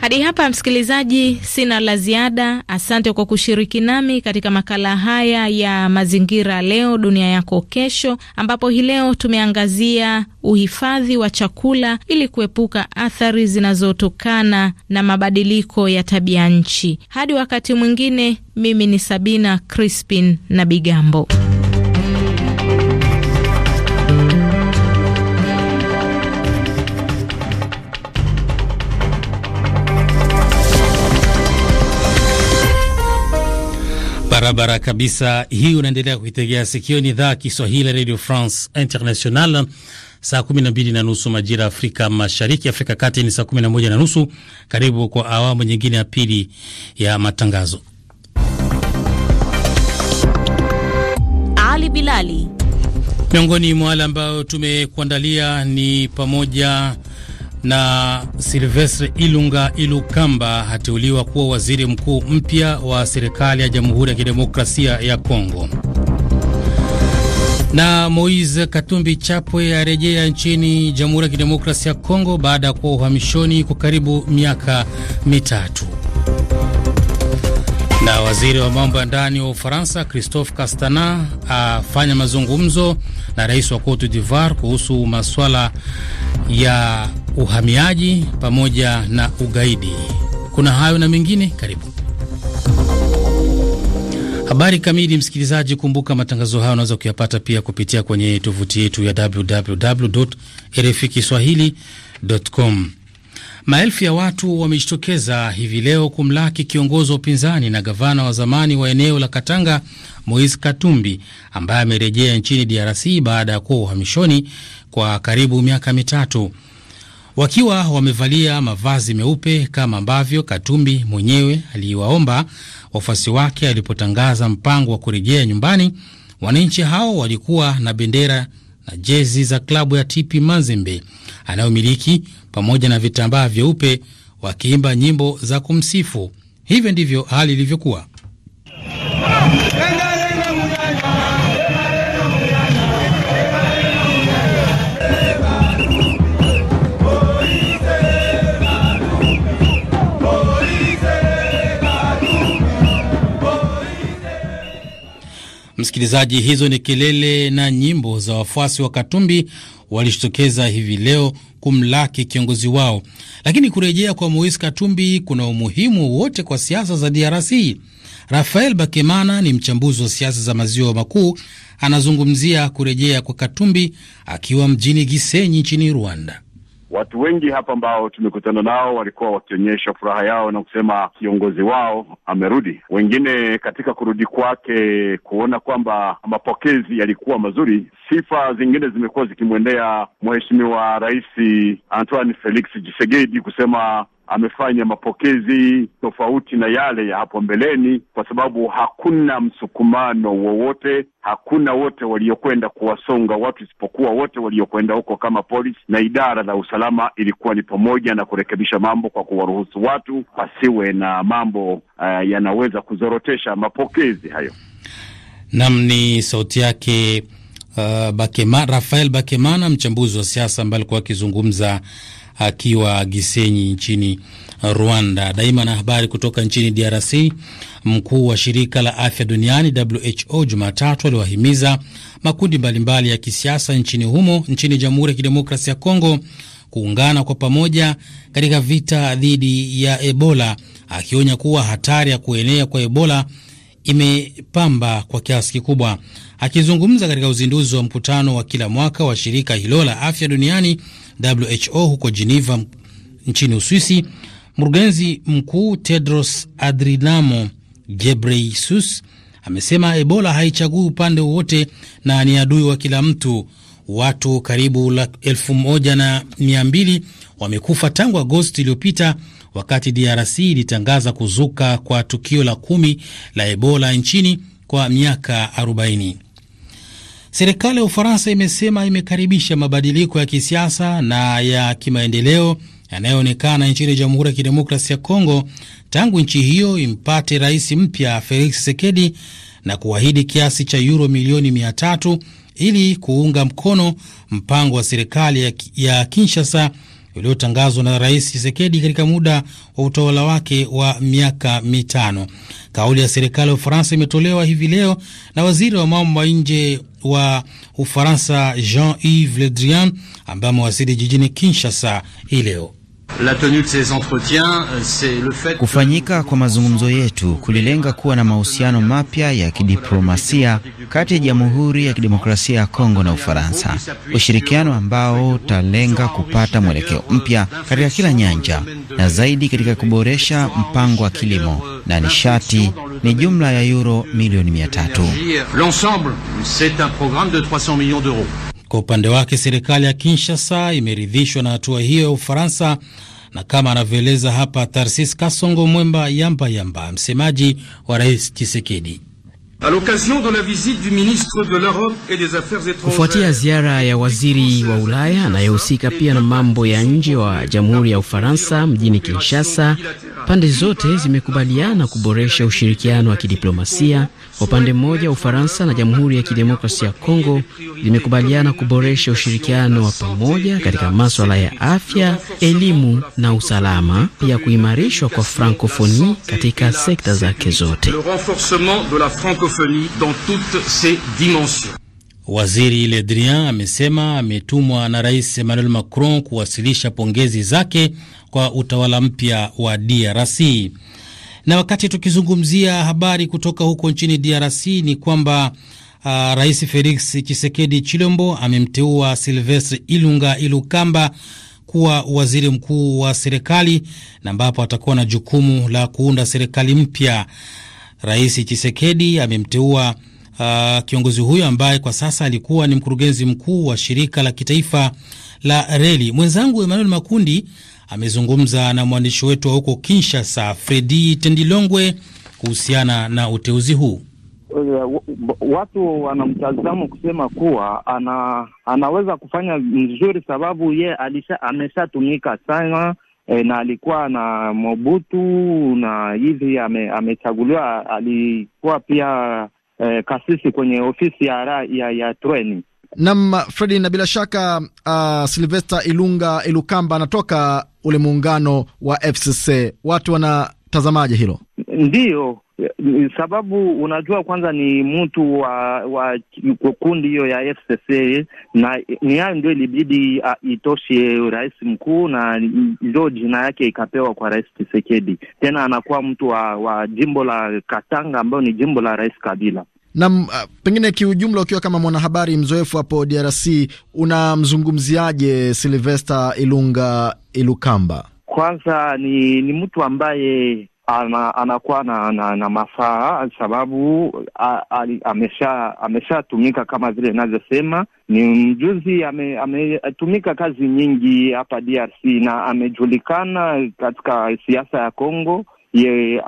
Hadi hapa msikilizaji, sina la ziada. Asante kwa kushiriki nami katika makala haya ya mazingira leo dunia yako kesho, ambapo hii leo tumeangazia uhifadhi wa chakula ili kuepuka athari zinazotokana na mabadiliko ya tabia nchi. Hadi wakati mwingine, mimi ni Sabina Crispin na Bigambo. Barabara kabisa hii, unaendelea kuitegea sikio. Ni idhaa Kiswahili Radio France International. Saa 12 na nusu majira Afrika Mashariki, Afrika Kati ni saa 11 na nusu. Karibu kwa awamu nyingine ya pili ya matangazo. Ali Bilali, miongoni mwa wale ambayo tumekuandalia ni pamoja na Silvestre Ilunga Ilukamba ateuliwa kuwa waziri mkuu mpya wa serikali ya Jamhuri ya Kidemokrasia ya Kongo. Na Moise Katumbi Chapwe arejea nchini Jamhuri ya Kidemokrasia ya Kongo baada ya kuwa uhamishoni kwa karibu miaka mitatu. Na waziri wa mambo ya ndani wa Ufaransa Christophe Castana afanya mazungumzo na rais wa Cote d'Ivoire kuhusu masuala ya uhamiaji pamoja na ugaidi. Kuna hayo na mengine, karibu habari kamili. Msikilizaji, kumbuka matangazo hayo unaweza kuyapata pia kupitia kwenye tovuti yetu ya www rfi Maelfu ya watu wamejitokeza hivi leo kumlaki kiongozi wa upinzani na gavana wa zamani wa eneo la Katanga Moise Katumbi ambaye amerejea nchini DRC baada ya kuwa uhamishoni kwa karibu miaka mitatu. Wakiwa wamevalia mavazi meupe kama ambavyo Katumbi mwenyewe aliwaomba wafuasi wake alipotangaza mpango wa kurejea nyumbani, wananchi hao walikuwa na bendera na jezi za klabu ya TP Mazembe anayomiliki pamoja na vitambaa vyeupe wakiimba nyimbo za kumsifu. Hivyo ndivyo hali ilivyokuwa. Msikilizaji, hizo ni kelele na nyimbo za wafuasi wa Katumbi walishtokeza hivi leo kumlaki kiongozi wao, lakini kurejea kwa Moise Katumbi kuna umuhimu wote kwa siasa za DRC. Rafael Bakemana ni mchambuzi wa siasa za maziwa makuu, anazungumzia kurejea kwa Katumbi akiwa mjini Gisenyi nchini Rwanda. Watu wengi hapa ambao tumekutana nao walikuwa wakionyesha furaha yao na kusema kiongozi wao amerudi. Wengine katika kurudi kwake kuona kwamba mapokezi yalikuwa mazuri. Sifa zingine zimekuwa zikimwendea Mheshimiwa Rais Antoine Felix Tshisekedi kusema amefanya mapokezi tofauti na yale ya hapo mbeleni, kwa sababu hakuna msukumano wowote, hakuna wote waliokwenda kuwasonga watu, isipokuwa wote waliokwenda huko kama polisi na idara la usalama ilikuwa ni pamoja na kurekebisha mambo kwa kuwaruhusu watu pasiwe na mambo uh, yanaweza kuzorotesha mapokezi hayo. Nam ni sauti yake uh, Bakema, Rafael Bakemana, mchambuzi wa siasa ambaye alikuwa akizungumza akiwa Gisenyi nchini Rwanda. Daima na habari kutoka nchini DRC. Mkuu wa shirika la afya duniani WHO Jumatatu aliwahimiza makundi mbalimbali ya kisiasa nchini humo, nchini Jamhuri ya Kidemokrasia ya Kongo kuungana kwa pamoja katika vita dhidi ya Ebola, akionya kuwa hatari ya kuenea kwa Ebola imepamba kwa kiasi kikubwa. Akizungumza katika uzinduzi wa mkutano wa kila mwaka wa shirika hilo la afya duniani WHO huko Geneva nchini Uswisi, mkurugenzi mkuu Tedros adrinamo Ghebreyesus amesema Ebola haichagui upande wowote na ni adui wa kila mtu. Watu karibu elfu moja na mia mbili wamekufa tangu Agosti iliyopita wakati DRC ilitangaza kuzuka kwa tukio la kumi la Ebola nchini kwa miaka 40. Serikali ya Ufaransa imesema imekaribisha mabadiliko ya kisiasa na ya kimaendeleo yanayoonekana nchini Jamhuri ya Kidemokrasia ya Kongo tangu nchi hiyo impate rais mpya Felix Tshisekedi na kuahidi kiasi cha yuro milioni mia tatu ili kuunga mkono mpango wa serikali ya Kinshasa uliotangazwa na Rais Tshisekedi katika muda wa utawala wake wa miaka mitano. Kauli ya serikali ya Ufaransa imetolewa hivi leo na waziri wa mambo ya nje wa Ufaransa Jean-Yves Le Drian ambaye amewasili jijini Kinshasa hii leo. La tenue de ces entretiens, euh, c'est le fait kufanyika kwa mazungumzo yetu kulilenga kuwa na mahusiano mapya ya kidiplomasia kati ya Jamhuri ya Kidemokrasia ya Kongo na Ufaransa, ushirikiano ambao utalenga kupata mwelekeo mpya katika kila nyanja na zaidi katika kuboresha mpango wa kilimo na nishati ni jumla ya euro milioni mia tatu. Kwa upande wake serikali ya Kinshasa imeridhishwa na hatua hiyo ya Ufaransa, na kama anavyoeleza hapa Tarsis Kasongo Mwemba Yamba Yamba, msemaji wa Rais Chisekedi. Kufuatia ziara ya waziri wa Ulaya anayehusika pia na mambo ya nje wa Jamhuri ya Ufaransa mjini Kinshasa Pande zote zimekubaliana kuboresha ushirikiano wa kidiplomasia. Kwa upande mmoja, Ufaransa na Jamhuri ya Kidemokrasia ya Kongo zimekubaliana kuboresha ushirikiano wa pamoja katika maswala ya afya, elimu na usalama, pia kuimarishwa kwa Frankofoni katika sekta zake zote. Waziri Le Drian amesema ametumwa na Rais Emmanuel Macron kuwasilisha pongezi zake kwa utawala mpya wa DRC. Na wakati tukizungumzia habari kutoka huko nchini DRC ni kwamba uh, Rais Felix Tshisekedi Chilombo amemteua Silvestre Ilunga Ilukamba kuwa waziri mkuu wa serikali na ambapo atakuwa na jukumu la kuunda serikali mpya. Rais Tshisekedi amemteua Uh, kiongozi huyo ambaye kwa sasa alikuwa ni mkurugenzi mkuu wa shirika la kitaifa la reli. Mwenzangu Emmanuel Makundi amezungumza na mwandishi wetu wa huko Kinshasa, Fredi Tendilongwe, kuhusiana na uteuzi huu. Uh, watu wanamtazamo kusema kuwa ana, anaweza kufanya mzuri sababu ye alisha, ameshatumika sana e, na alikuwa na Mobutu na hivi ame, amechaguliwa alikuwa pia eh, kasisi kwenye ofisi ya ra, ya, ya treni nam Fredi, na bila shaka uh, ah, Silvesta Ilunga Ilukamba anatoka ule muungano wa FCC, watu wanatazamaje hilo? Ndiyo, Sababu unajua kwanza ni mtu wa wa kundi hiyo ya FCC na ni hayo ndio ilibidi itoshe rais mkuu, na ndio jina yake ikapewa kwa rais Tshisekedi. Tena anakuwa mtu wa, wa jimbo la Katanga ambayo ni jimbo la rais Kabila. Nam uh, pengine kiujumla, ukiwa kama mwanahabari mzoefu hapo DRC, unamzungumziaje Silvester Ilunga Ilukamba? Kwanza ni, ni mtu ambaye ana, anakuwa na, na, na mafaa sababu amesha kama vile inavyosema ni mjuzi, ametumika ame, kazi nyingi hapa DRC na amejulikana katika siasa ya Congo. Yeye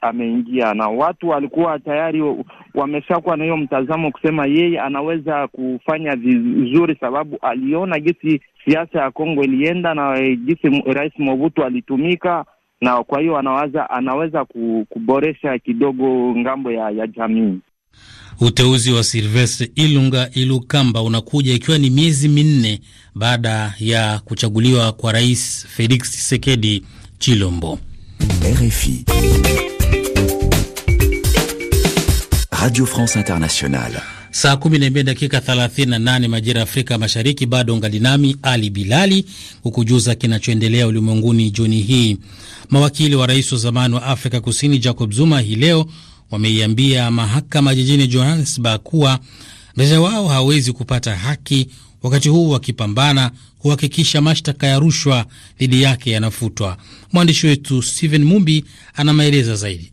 ameingia ame na watu walikuwa tayari wameshakuwa na hiyo mtazamo kusema yeye anaweza kufanya vizuri, sababu aliona gisi siasa ya Kongo ilienda na gisi Rais Mobutu alitumika na kwa hiyo anawaza, anaweza kuboresha kidogo ngambo ya, ya jamii. Uteuzi wa Silvestre Ilunga Ilukamba unakuja ikiwa ni miezi minne baada ya kuchaguliwa kwa Rais Felix Tshisekedi Chilombo. RFI Radio France Internationale. Saa 12 dakika 38 majira ya Afrika Mashariki. Bado ngali nami Ali Bilali kukujuza kinachoendelea ulimwenguni jioni hii. Mawakili wa rais wa zamani wa Afrika Kusini Jacob Zuma hii leo wameiambia mahakama jijini Johannesburg kuwa mteja wao hawezi kupata haki, wakati huu wakipambana kuhakikisha mashtaka ya rushwa dhidi yake yanafutwa. Mwandishi wetu Stephen Mumbi ana maelezo zaidi.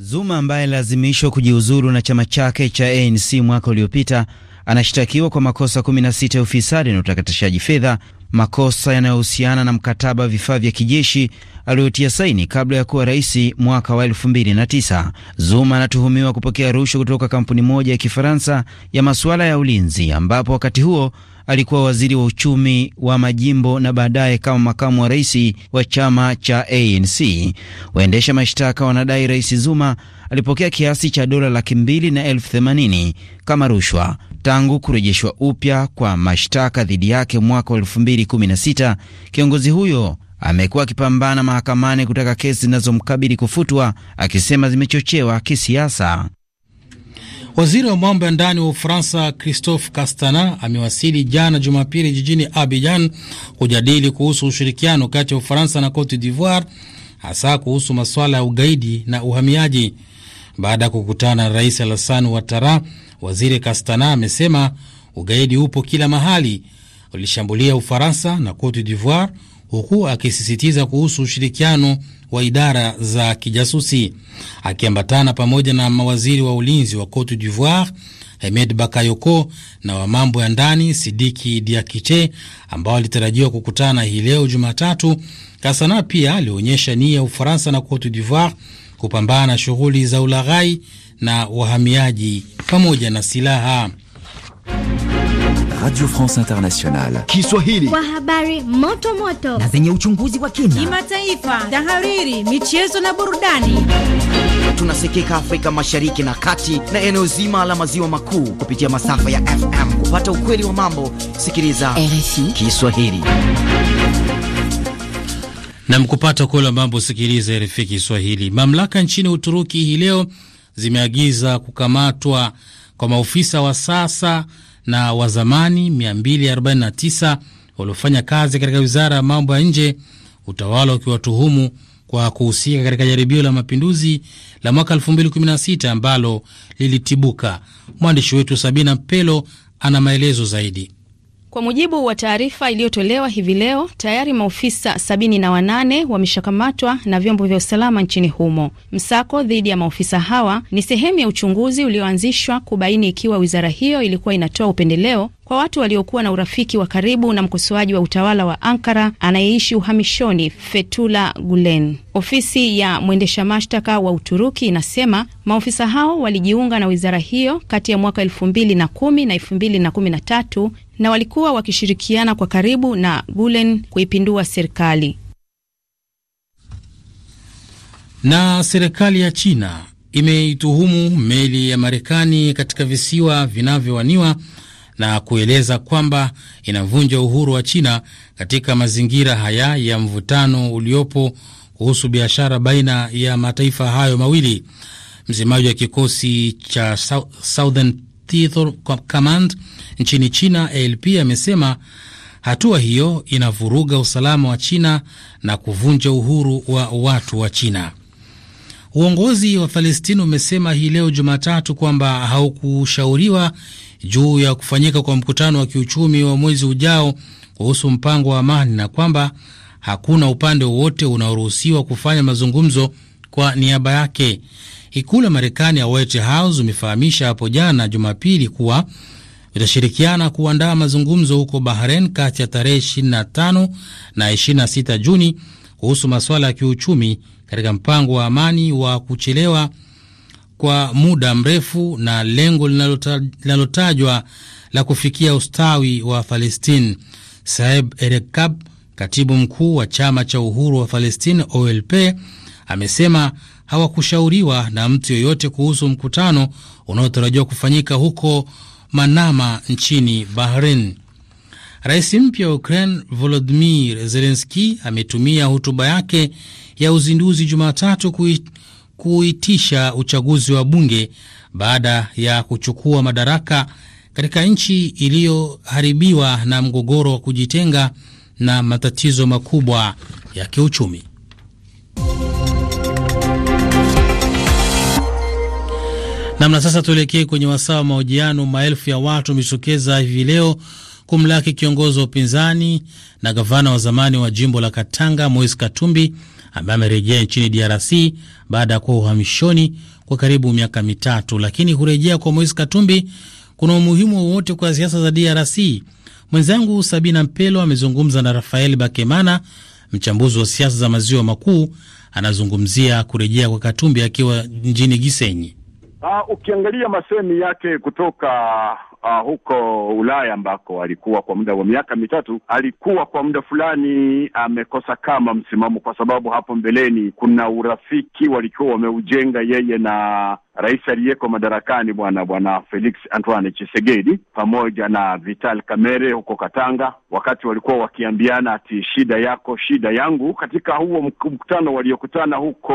Zuma ambaye alilazimishwa kujiuzuru na chama chake cha ANC mwaka uliopita anashtakiwa kwa makosa 16 ya ufisadi na utakatishaji fedha, makosa yanayohusiana na mkataba wa vifaa vya kijeshi aliyotia saini kabla ya kuwa rais mwaka wa 2009. Zuma anatuhumiwa kupokea rushwa kutoka kampuni moja ya Kifaransa ya masuala ya ulinzi, ambapo wakati huo alikuwa waziri wa uchumi wa majimbo na baadaye kama makamu wa rais wa chama cha ANC. Waendesha mashtaka wanadai Rais Zuma alipokea kiasi cha dola laki mbili na elfu themanini kama rushwa. Tangu kurejeshwa upya kwa mashtaka dhidi yake mwaka wa sita kiongozi huyo amekuwa akipambana mahakamani kutaka kesi zinazomkabili kufutwa, akisema zimechochewa kisiasa. Waziri wa mambo ya ndani wa Ufaransa Christophe Castana amewasili jana Jumapili jijini Abidjan kujadili kuhusu ushirikiano kati ya Ufaransa na Cote d'Ivoire, hasa kuhusu masuala ya ugaidi na uhamiaji. Baada ya kukutana na Rais Alassane Ouattara, Waziri Castana amesema ugaidi upo kila mahali, ulishambulia Ufaransa na Cote d'Ivoire, huku akisisitiza kuhusu ushirikiano wa idara za kijasusi akiambatana pamoja na mawaziri wa ulinzi wa Cote d'Ivoire Hemed Bakayoko na wa mambo ya ndani Sidiki Diakite ambao alitarajiwa kukutana hii leo Jumatatu. Kasana pia alionyesha nia ya Ufaransa na Cote d'Ivoire kupambana na shughuli za ulaghai na wahamiaji pamoja na silaha. Radio France Internationale Kiswahili kwa habari moto moto na zenye uchunguzi wa kina, kimataifa, tahariri, michezo na burudani. Tunasikika Afrika Mashariki na Kati na eneo zima la maziwa makuu kupitia masafa ya FM. Kupata ukweli wa mambo, sikiliza RFI Kiswahili. Na mkupata ukweli wa mambo, sikiliza RFI Kiswahili. Mamlaka nchini Uturuki hii leo zimeagiza kukamatwa kwa maofisa wa sasa na wa zamani 249 waliofanya kazi katika wizara ya mambo ya nje, utawala ukiwatuhumu kwa kuhusika katika jaribio la mapinduzi la mwaka 2016 ambalo lilitibuka. Mwandishi wetu Sabina Mpelo ana maelezo zaidi. Kwa mujibu wa taarifa iliyotolewa hivi leo, tayari maofisa 78 wameshakamatwa na vyombo vya usalama nchini humo. Msako dhidi ya maofisa hawa ni sehemu ya uchunguzi ulioanzishwa kubaini ikiwa wizara hiyo ilikuwa inatoa upendeleo kwa watu waliokuwa na urafiki wa karibu na mkosoaji wa utawala wa Ankara anayeishi uhamishoni Fethullah Gulen. Ofisi ya mwendesha mashtaka wa Uturuki inasema maofisa hao walijiunga na wizara hiyo kati ya mwaka mbili na kumi na, na walikuwa wakishirikiana kwa karibu na Gulen kuipindua serikali. Na serikali ya China imeituhumu meli ya Marekani katika visiwa vinavyowaniwa na kueleza kwamba inavunja uhuru wa China katika mazingira haya ya mvutano uliopo kuhusu biashara baina ya mataifa hayo mawili. Msemaji wa kikosi cha Southern Theater Command nchini China ALP amesema hatua hiyo inavuruga usalama wa China na kuvunja uhuru wa watu wa China. Uongozi wa Palestina umesema hii leo Jumatatu kwamba haukushauriwa juu ya kufanyika kwa mkutano wa kiuchumi wa mwezi ujao kuhusu mpango wa amani na kwamba hakuna upande wowote unaoruhusiwa kufanya mazungumzo kwa niaba yake. Ikulu ya Marekani ya White House imefahamisha hapo jana Jumapili kuwa itashirikiana kuandaa mazungumzo huko Bahrain kati ya tarehe 25 na 26 Juni kuhusu masuala ya kiuchumi katika mpango wa amani wa kuchelewa kwa muda mrefu na lengo linalotajwa la kufikia ustawi wa Palestine. Saeb Erekab, katibu mkuu wa chama cha uhuru wa Palestine OLP, amesema hawakushauriwa na mtu yoyote kuhusu mkutano unaotarajiwa kufanyika huko Manama nchini Bahrain. Rais mpya wa Ukraine Volodimir Zelenski ametumia hotuba yake ya uzinduzi Jumatatu kuitisha uchaguzi wa bunge baada ya kuchukua madaraka katika nchi iliyoharibiwa na mgogoro wa kujitenga na matatizo makubwa ya kiuchumi. Namna sasa, tuelekee kwenye wasaa wa mahojiano. Maelfu ya watu wamejitokeza hivi leo kumlaki kiongozi wa upinzani na gavana wa zamani wa jimbo la Katanga Moise Katumbi ambaye amerejea nchini DRC baada ya kuwa uhamishoni kwa karibu miaka mitatu. Lakini kurejea kwa Moise Katumbi kuna umuhimu wowote kwa siasa za DRC? Mwenzangu Sabina Mpelo amezungumza na Rafael Bakemana, mchambuzi wa siasa za maziwa makuu, anazungumzia kurejea kwa Katumbi akiwa mjini Gisenyi. Ah, ukiangalia masemi yake kutoka uh, huko Ulaya ambako alikuwa kwa muda wa miaka mitatu, alikuwa kwa muda fulani amekosa kama msimamo, kwa sababu hapo mbeleni kuna urafiki walikuwa wameujenga yeye na rais aliyeko madarakani bwana bwana Felix Antoine chisegedi pamoja na Vital kamere huko Katanga, wakati walikuwa wakiambiana ati shida yako shida yangu. Katika huo mkutano waliokutana huko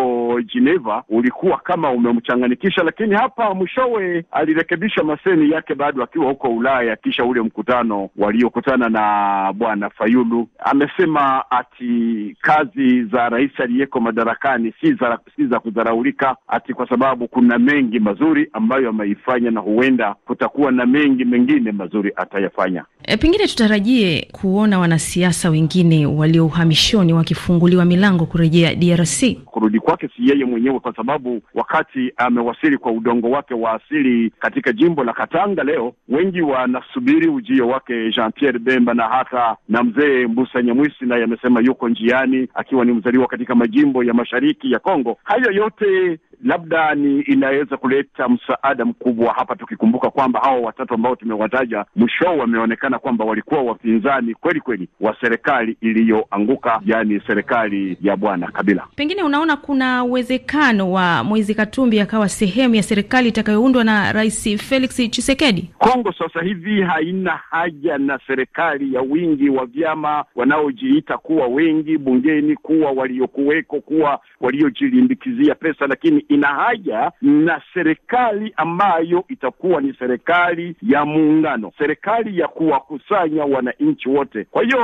Geneva ulikuwa kama umemchanganikisha, lakini hapa mwishowe alirekebisha maseni yake bado akiwa huko Ulaya. Kisha ule mkutano waliokutana na bwana Fayulu amesema ati kazi za rais aliyeko madarakani si za si za kudharaulika, ati kwa sababu kuna mengi mazuri ambayo ameifanya na huenda kutakuwa na mengi mengine mazuri atayafanya. E, pengine tutarajie kuona wanasiasa wengine walio uhamishoni wakifunguliwa milango kurejea DRC. Kurudi kwake si yeye mwenyewe, kwa sababu wakati amewasili kwa udongo wake wa asili katika jimbo la Katanga leo, wengi wanasubiri ujio wake Jean Pierre Bemba, na hata na mzee Mbusa Nyamwisi naye amesema yuko njiani, akiwa ni mzaliwa katika majimbo ya mashariki ya Kongo. Hayo yote labda ni inaweza kuleta msaada mkubwa hapa, tukikumbuka kwamba hawa watatu ambao tumewataja mwisho wameonekana kwamba walikuwa wapinzani kweli kweli wa serikali iliyoanguka, yani serikali ya Bwana Kabila. Pengine unaona kuna uwezekano wa mwezi Katumbi akawa sehemu ya serikali itakayoundwa na Rais Felix Tshisekedi. Kongo sasa hivi haina haja na serikali ya wingi wa vyama wanaojiita kuwa wengi bungeni, kuwa waliokuweko, kuwa waliojilimbikizia pesa, lakini ina haja na serikali ambayo itakuwa ni serikali ya muungano, serikali ya kuwakusanya wananchi wote. Kwa hiyo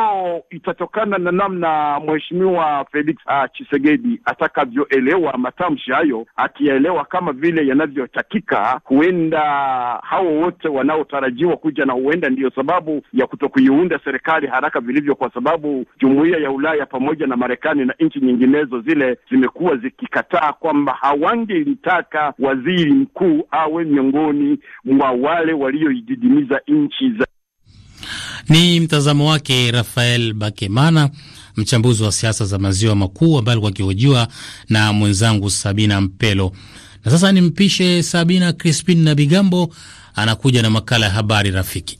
itatokana na namna mheshimiwa Felix uh, Chisegedi atakavyoelewa matamshi hayo. Akiyaelewa kama vile yanavyotakika, huenda hao wote wanaotarajiwa kuja, na huenda ndiyo sababu ya kutokuiunda serikali haraka vilivyo, kwa sababu jumuiya ya Ulaya pamoja na Marekani na nchi nyinginezo zile zimekuwa zikikataa kwamba hawa wangelitaka waziri mkuu awe miongoni mwa wale walioididimiza nchi za. Ni mtazamo wake Rafael Bakemana, mchambuzi wa siasa za maziwa makuu, ambaye alikuwa akihojiwa na mwenzangu Sabina Mpelo. Na sasa nimpishe Sabina Crispin na Bigambo, anakuja na makala ya habari rafiki.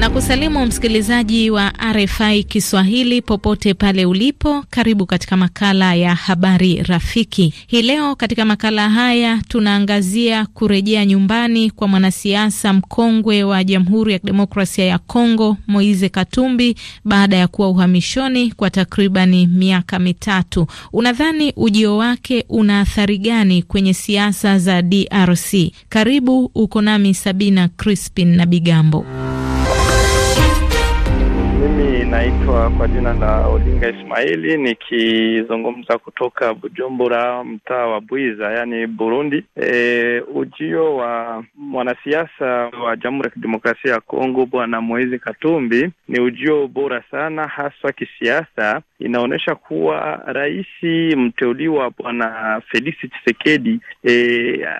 na kusalimu msikilizaji wa RFI Kiswahili popote pale ulipo. Karibu katika makala ya habari rafiki. Hii leo katika makala haya tunaangazia kurejea nyumbani kwa mwanasiasa mkongwe wa Jamhuri ya Kidemokrasia ya Kongo Moise Katumbi baada ya kuwa uhamishoni kwa takribani miaka mitatu. Unadhani ujio wake una athari gani kwenye siasa za DRC? Karibu, uko nami Sabina Crispin na Bigambo. Ninaitwa kwa jina la Odinga Ismaili nikizungumza kutoka Bujumbura, mtaa wa Bwiza, yaani Burundi. E, ujio wa mwanasiasa wa Jamhuri ya Kidemokrasia ya Kongo Bwana Moizi Katumbi ni ujio bora sana, haswa kisiasa. Inaonyesha kuwa rais mteuliwa Bwana Felix Tshisekedi e,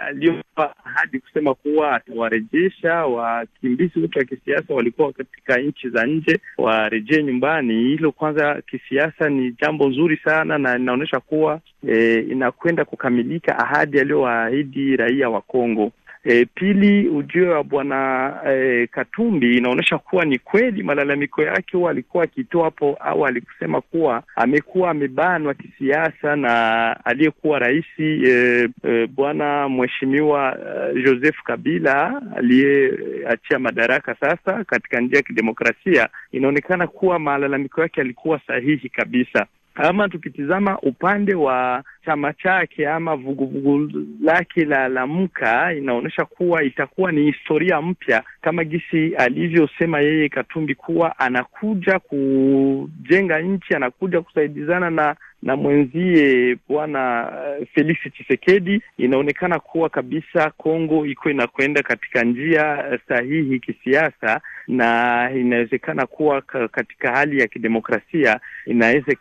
aliyompa ahadi kusema kuwa atawarejesha wakimbizi wote wa kisiasa walikuwa katika nchi za nje warejee warejee nyumbani. Hilo kwanza kisiasa ni jambo nzuri sana, na inaonyesha kuwa e, inakwenda kukamilika ahadi aliyowaahidi raia wa Kongo. E, pili, ujio wa bwana e, Katumbi inaonyesha kuwa ni kweli malalamiko yake huwa alikuwa akitoa hapo au alikusema kuwa amekuwa amebanwa kisiasa na aliyekuwa rais e, e, bwana mheshimiwa e, Joseph Kabila aliyeachia madaraka sasa katika njia ya kidemokrasia. Inaonekana kuwa malalamiko yake yalikuwa sahihi kabisa ama tukitizama upande wa chama chake ama vuguvugu lake la Lamuka, inaonyesha kuwa itakuwa ni historia mpya kama gisi alivyosema yeye Katumbi kuwa anakuja kujenga nchi, anakuja kusaidizana na na mwenzie bwana eh, Felix Tshisekedi. Inaonekana kuwa kabisa Kongo iko inakwenda katika njia eh, sahihi kisiasa na inawezekana kuwa katika hali ya kidemokrasia inaweza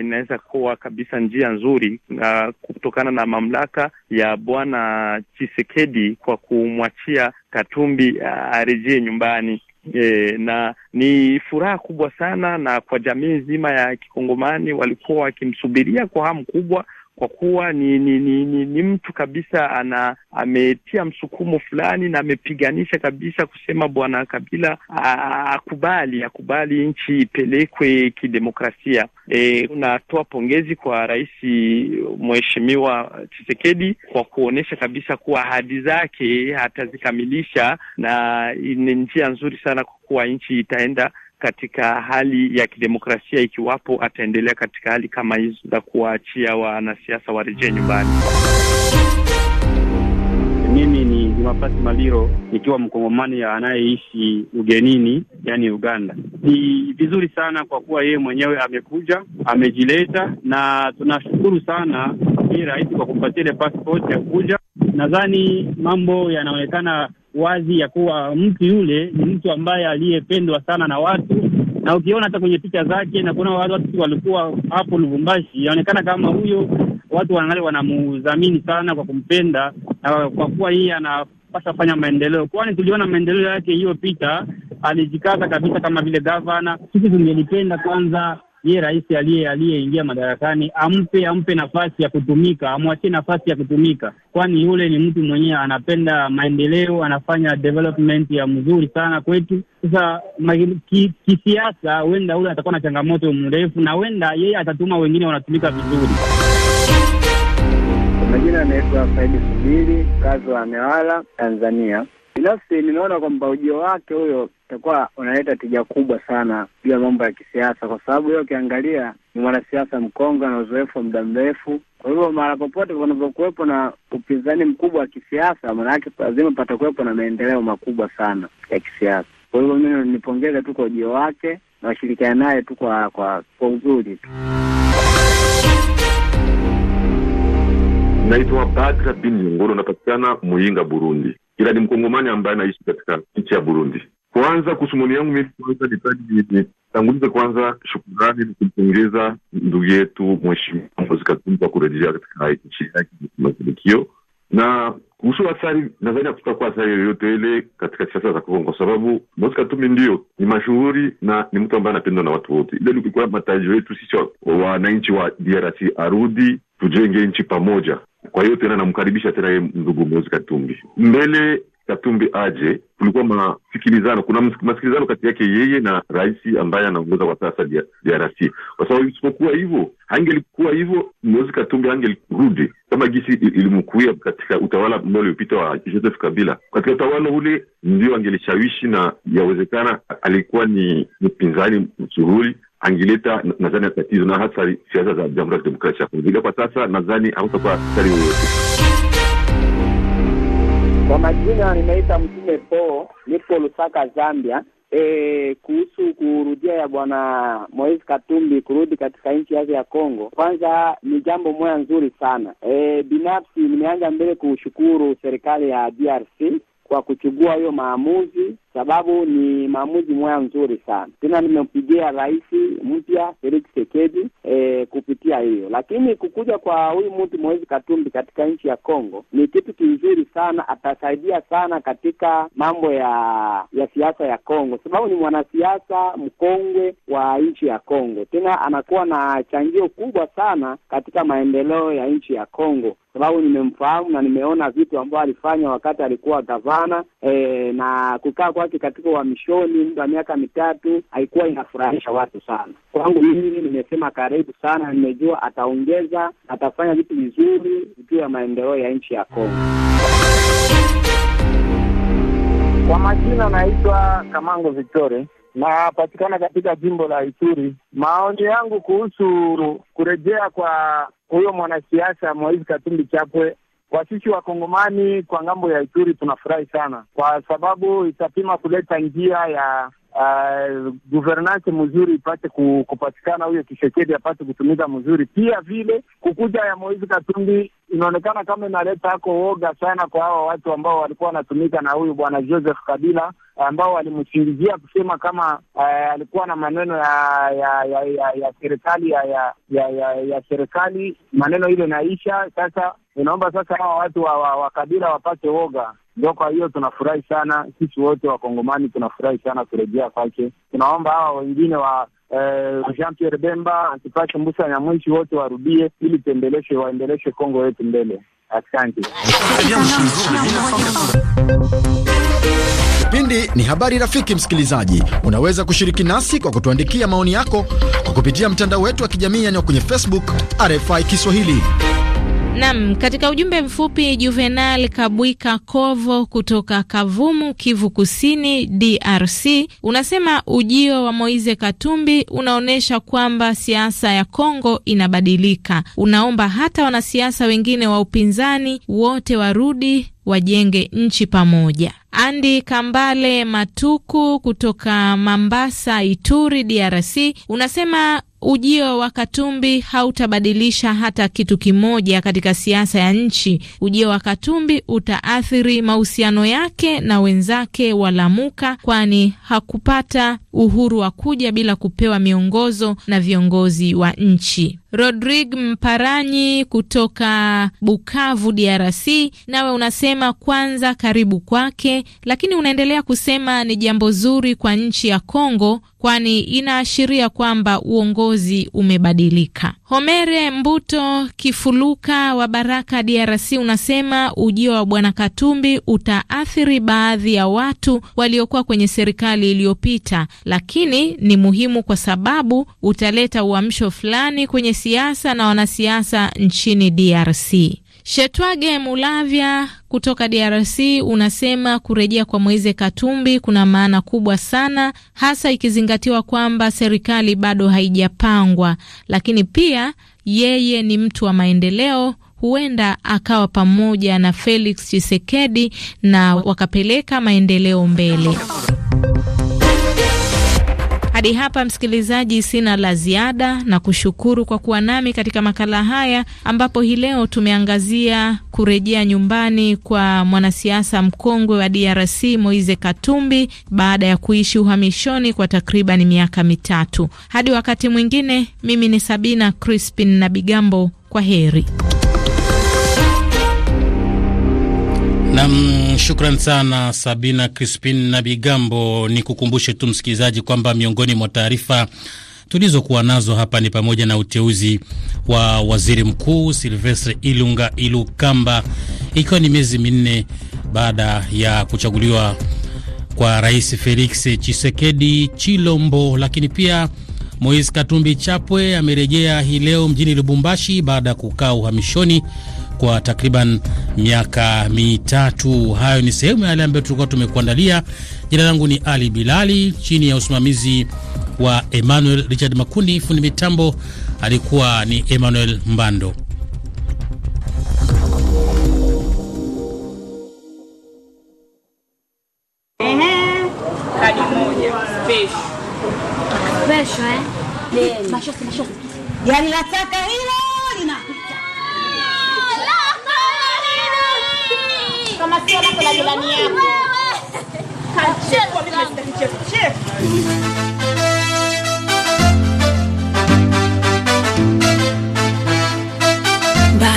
inaweza kuwa kabisa njia nzuri, na kutokana na mamlaka ya Bwana Chisekedi kwa kumwachia Katumbi arejee nyumbani. E, na ni furaha kubwa sana na kwa jamii nzima ya Kikongomani walikuwa wakimsubiria kwa hamu kubwa kwa kuwa ni ni, ni, ni ni mtu kabisa ana ametia msukumo fulani na amepiganisha kabisa kusema Bwana Kabila akubali akubali nchi ipelekwe kidemokrasia. E, unatoa pongezi kwa Rais Mheshimiwa Tshisekedi kwa kuonyesha kabisa kuwa ahadi zake atazikamilisha, na ni njia nzuri sana kwa kuwa nchi itaenda katika hali ya kidemokrasia, ikiwapo ataendelea katika hali kama hizo za kuwaachia wanasiasa warejee nyumbani. Mimi ni Jumapasi Maliro nikiwa mkongomani anayeishi ugenini, yani Uganda. Ni vizuri sana kwa kuwa yeye mwenyewe amekuja amejileta, na tunashukuru sana hii rais kwa kumpatia ile passport ya kuja nadhani mambo yanaonekana wazi ya kuwa mtu yule ni mtu ambaye aliyependwa sana na watu, na ukiona hata kwenye picha zake na kuona watu walikuwa hapo Lubumbashi, inaonekana kama huyo watu wanangali wanamudhamini sana kwa kumpenda na kwa kuwa yeye anapasa kufanya maendeleo, kwani tuliona maendeleo yake hiyo picha alijikaza kabisa kama vile gavana. Sisi tungelipenda kwanza ye rais aliyeingia madarakani ampe ampe nafasi ya kutumika, amwachie nafasi ya kutumika, kwani yule ni mtu mwenyewe anapenda maendeleo, anafanya development ya mzuri sana kwetu. Sasa kisiasa, ki huenda ule atakuwa na changamoto mrefu, na huenda yeye atatuma wengine wanatumika vizuri. Majina anaitwa Faidi Subiri, kazi wa Newala, Tanzania. Binafsi ninaona kwamba ujio wake huyo utakuwa unaleta tija kubwa sana juu ya mambo ya kisiasa, kwa sababu hiyo ukiangalia ni mwanasiasa mkongwe na uzoefu wa muda mrefu. Kwa hivyo mara popote panapokuwepo na upinzani mkubwa wa kisiasa, maana lazima lazima patakuwepo na maendeleo makubwa sana ya kisiasa. Kwa hivyo mimi nipongeze tu kwa ujio wake na washirikiana naye tu kwa kwa kwa uzuri tu. Naitwa Badra bin Nyunguru, unapatikana Muyinga, Burundi ila ni mkongomani ambaye anaishi katika nchi ya Burundi. Kwanza kusumuni yangu mimi kwanza nitaji nitangulize kwanza shukurani ni kumpongeza ndugu yetu Mheshimiwa Moise Katumbi kwa kurejea katika nchi yake mafanikio na kuhusu athari, nadhani hakutakuwa athari yoyote ile katika siasa za Kongo kwa sababu Moise Katumbi ndio ni mashuhuri na ni mtu ambaye anapendwa na watu wote. Ile ilikuwa matarajio yetu sisi wananchi wa DRC, arudi tujenge nchi pamoja. Kwa hiyo tena namkaribisha tena ye ndugu Mozi Katumbi mbele Katumbi aje, kulikuwa masikilizano, kuna masikilizano kati yake yeye na rais ambaye anaongoza kwa sasa DRC, kwa sababu isipokuwa hivyo hangelikuwa hivyo, Mozi Katumbi angerudi kama gisi ilimkuia katika utawala ambao uliopita wa Joseph Kabila. Katika utawala ule ndio angelishawishi, na yawezekana alikuwa ni mpinzani msuhuli angileta nadhani tatizo na hasa siasa za Jamhuri ya Kidemokrasia Kongo, ila kwa sasa nadhani hautakuwa hatari yoyote. Kwa majina nimeita Mtume Po, nipo Lusaka, Zambia. E, kuhusu kurudia ya bwana Moise Katumbi kurudi katika nchi yake ya Kongo, kwanza ni jambo moya nzuri sana. E, binafsi nimeanza mbele kushukuru serikali ya DRC kwa kuchukua hiyo maamuzi sababu ni maamuzi moya nzuri sana. Tena nimempigia rais mpya Felix Tshisekedi e, kupitia hiyo. Lakini kukuja kwa huyu mtu Moise Katumbi katika nchi ya Kongo ni kitu kizuri sana, atasaidia sana katika mambo ya ya siasa ya Kongo, sababu ni mwanasiasa mkongwe wa nchi ya Kongo, tena anakuwa na changio kubwa sana katika maendeleo ya nchi ya Kongo sababu nimemfahamu na nimeona vitu ambayo alifanya wakati alikuwa gavana e, na kukaa kwake katika uhamishoni muda wa miaka mitatu haikuwa inafurahisha watu sana. Kwangu mimi, nimesema karibu sana, nimejua ataongeza, atafanya vitu vizuri juu ya maendeleo ya nchi ya Kongo. Kwa majina naitwa Kamango victori napatikana katika jimbo la Ituri. Maoni yangu kuhusu kurejea kwa huyo mwanasiasa Moise Katumbi Chapwe kwa sisi wakongomani kwa ngambo ya Ituri tunafurahi sana, kwa sababu itapima kuleta njia ya Uh, guvernance mzuri ipate kupatikana, huyo Kishekedi apate kutumika mzuri. Pia vile kukuja ya Moizi Katumbi inaonekana kama inaleta hako woga sana kwa hawa watu ambao walikuwa wanatumika na huyu bwana Joseph Kabila ambao walimsingizia kusema kama uh, alikuwa na maneno ya ya ya ya serikali ya ya, ya, ya, ya serikali maneno ile naisha sasa Inaomba sasa hawa watu wa, wa, wa kabila wapate woga. Ndio, kwa hiyo tunafurahi sana sisi wote wakongomani tunafurahi sana kurejea kwake. Tunaomba hawa wengine wa eh, Jean Pierre Bemba, Antipas Mbusa mwishi wote warudie ili tuendeleshe waendeleshe Kongo yetu mbele. Asante. Kipindi ni habari rafiki. Msikilizaji, unaweza kushiriki nasi kwa kutuandikia maoni yako kwa kupitia mtandao wetu wa kijamii, yaani kwenye Facebook RFI Kiswahili. Nam, katika ujumbe mfupi Juvenal Kabwika Kovo kutoka Kavumu, Kivu Kusini, DRC unasema ujio wa Moise Katumbi unaonyesha kwamba siasa ya Kongo inabadilika. Unaomba hata wanasiasa wengine wa upinzani wote warudi wajenge nchi pamoja. Andi Kambale Matuku kutoka Mambasa, Ituri, DRC unasema ujio wa Katumbi hautabadilisha hata kitu kimoja katika siasa ya nchi. Ujio wa Katumbi utaathiri mahusiano yake na wenzake wa Lamuka, kwani hakupata uhuru wa kuja bila kupewa miongozo na viongozi wa nchi. Rodrigue Mparanyi kutoka Bukavu, DRC, nawe unasema kwanza karibu kwake, lakini unaendelea kusema ni jambo zuri kwa nchi ya Kongo kwani inaashiria kwamba uongozi umebadilika. Homere Mbuto Kifuluka wa Baraka, DRC, unasema ujio wa Bwana Katumbi utaathiri baadhi ya watu waliokuwa kwenye serikali iliyopita, lakini ni muhimu kwa sababu utaleta uamsho fulani kwenye kisiasa na wanasiasa nchini DRC. Shetwage Mulavya kutoka DRC unasema kurejea kwa Moise Katumbi kuna maana kubwa sana, hasa ikizingatiwa kwamba serikali bado haijapangwa, lakini pia yeye ni mtu wa maendeleo huenda akawa pamoja na Felix Tshisekedi na wakapeleka maendeleo mbele. Hadi hapa msikilizaji, sina la ziada na kushukuru kwa kuwa nami katika makala haya ambapo hii leo tumeangazia kurejea nyumbani kwa mwanasiasa mkongwe wa DRC Moise Katumbi baada ya kuishi uhamishoni kwa takriban miaka mitatu. Hadi wakati mwingine, mimi ni Sabina Crispin na Bigambo, kwa heri. Nam, shukran sana Sabina Crispin na Bigambo. Ni kukumbushe tu msikilizaji kwamba miongoni mwa taarifa tulizokuwa nazo hapa ni pamoja na uteuzi wa waziri mkuu Silvestre Ilunga Ilukamba, ikiwa ni miezi minne baada ya kuchaguliwa kwa Rais Felix chisekedi Chilombo. Lakini pia Moise Katumbi Chapwe amerejea hii leo mjini Lubumbashi baada ya kukaa uhamishoni kwa takriban miaka mitatu. Hayo ni sehemu ya yale ambayo tulikuwa tumekuandalia. Jina langu ni Ali Bilali, chini ya usimamizi wa Emmanuel Richard Makundi. Fundi mitambo alikuwa ni Emmanuel Mbando. Pesho, eh? eh? yaani nataka ile kama sio lako la jirani yako.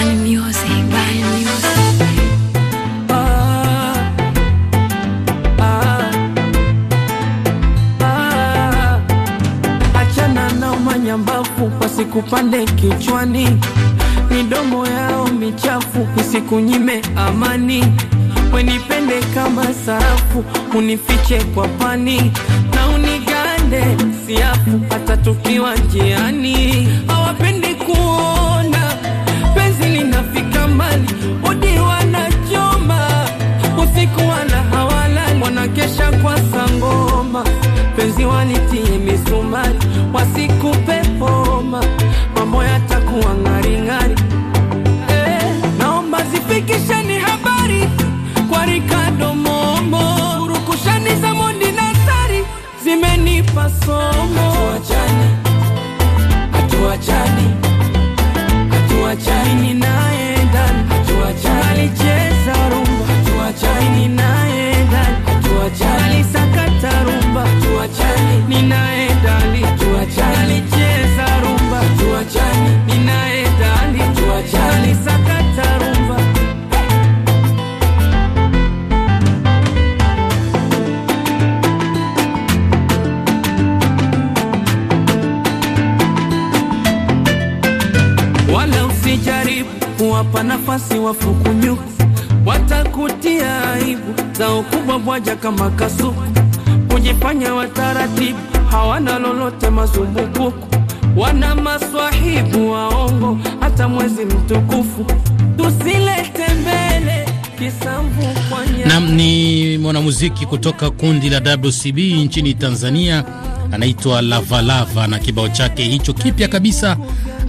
mimi oh, oh, oh. kichwani, midomo yao michafu isikunyime amani wenipende kama sarafu, unifiche kwa pani na unigande siafu, hata tukiwa njiani. Hawapendi kuona penzi linafika mbali, odi wanachoma usiku, wala hawalali, wanakesha kwa sangoma, penzi walitie misumari, wasikupe poma, mambo yatakuwa ng'aring'ari. Eh, naomba zifikisheni hapa somo. Hatuachani, hatuachani, hatuachani, naye ndani, hatuachani, alicheza rumba, hatuachani, naye ndani, hatuachani, alisakata rumba, hatuachani, ninaye ndani, hatuachani, alicheza rumba, hatuachani, ninaye ndani, hatuachani, alisakata rumba kuwapa nafasi wafukunyuku, watakutia aibu za ukubwa bwaja kama kasuku, kujifanya wataratibu, hawana lolote mazumbukuku, wana maswahibu waongo, hata mwezi mtukufu tusilete mbele nam ni mwanamuziki kutoka kundi la WCB nchini Tanzania, anaitwa Lavalava na kibao chake hicho kipya kabisa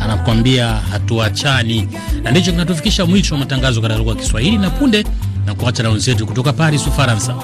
anakuambia hatuachani, na ndicho kinatufikisha mwisho wa matangazo katika lugha ya Kiswahili na punde na kuacha na wenzetu kutoka Paris, Ufaransa.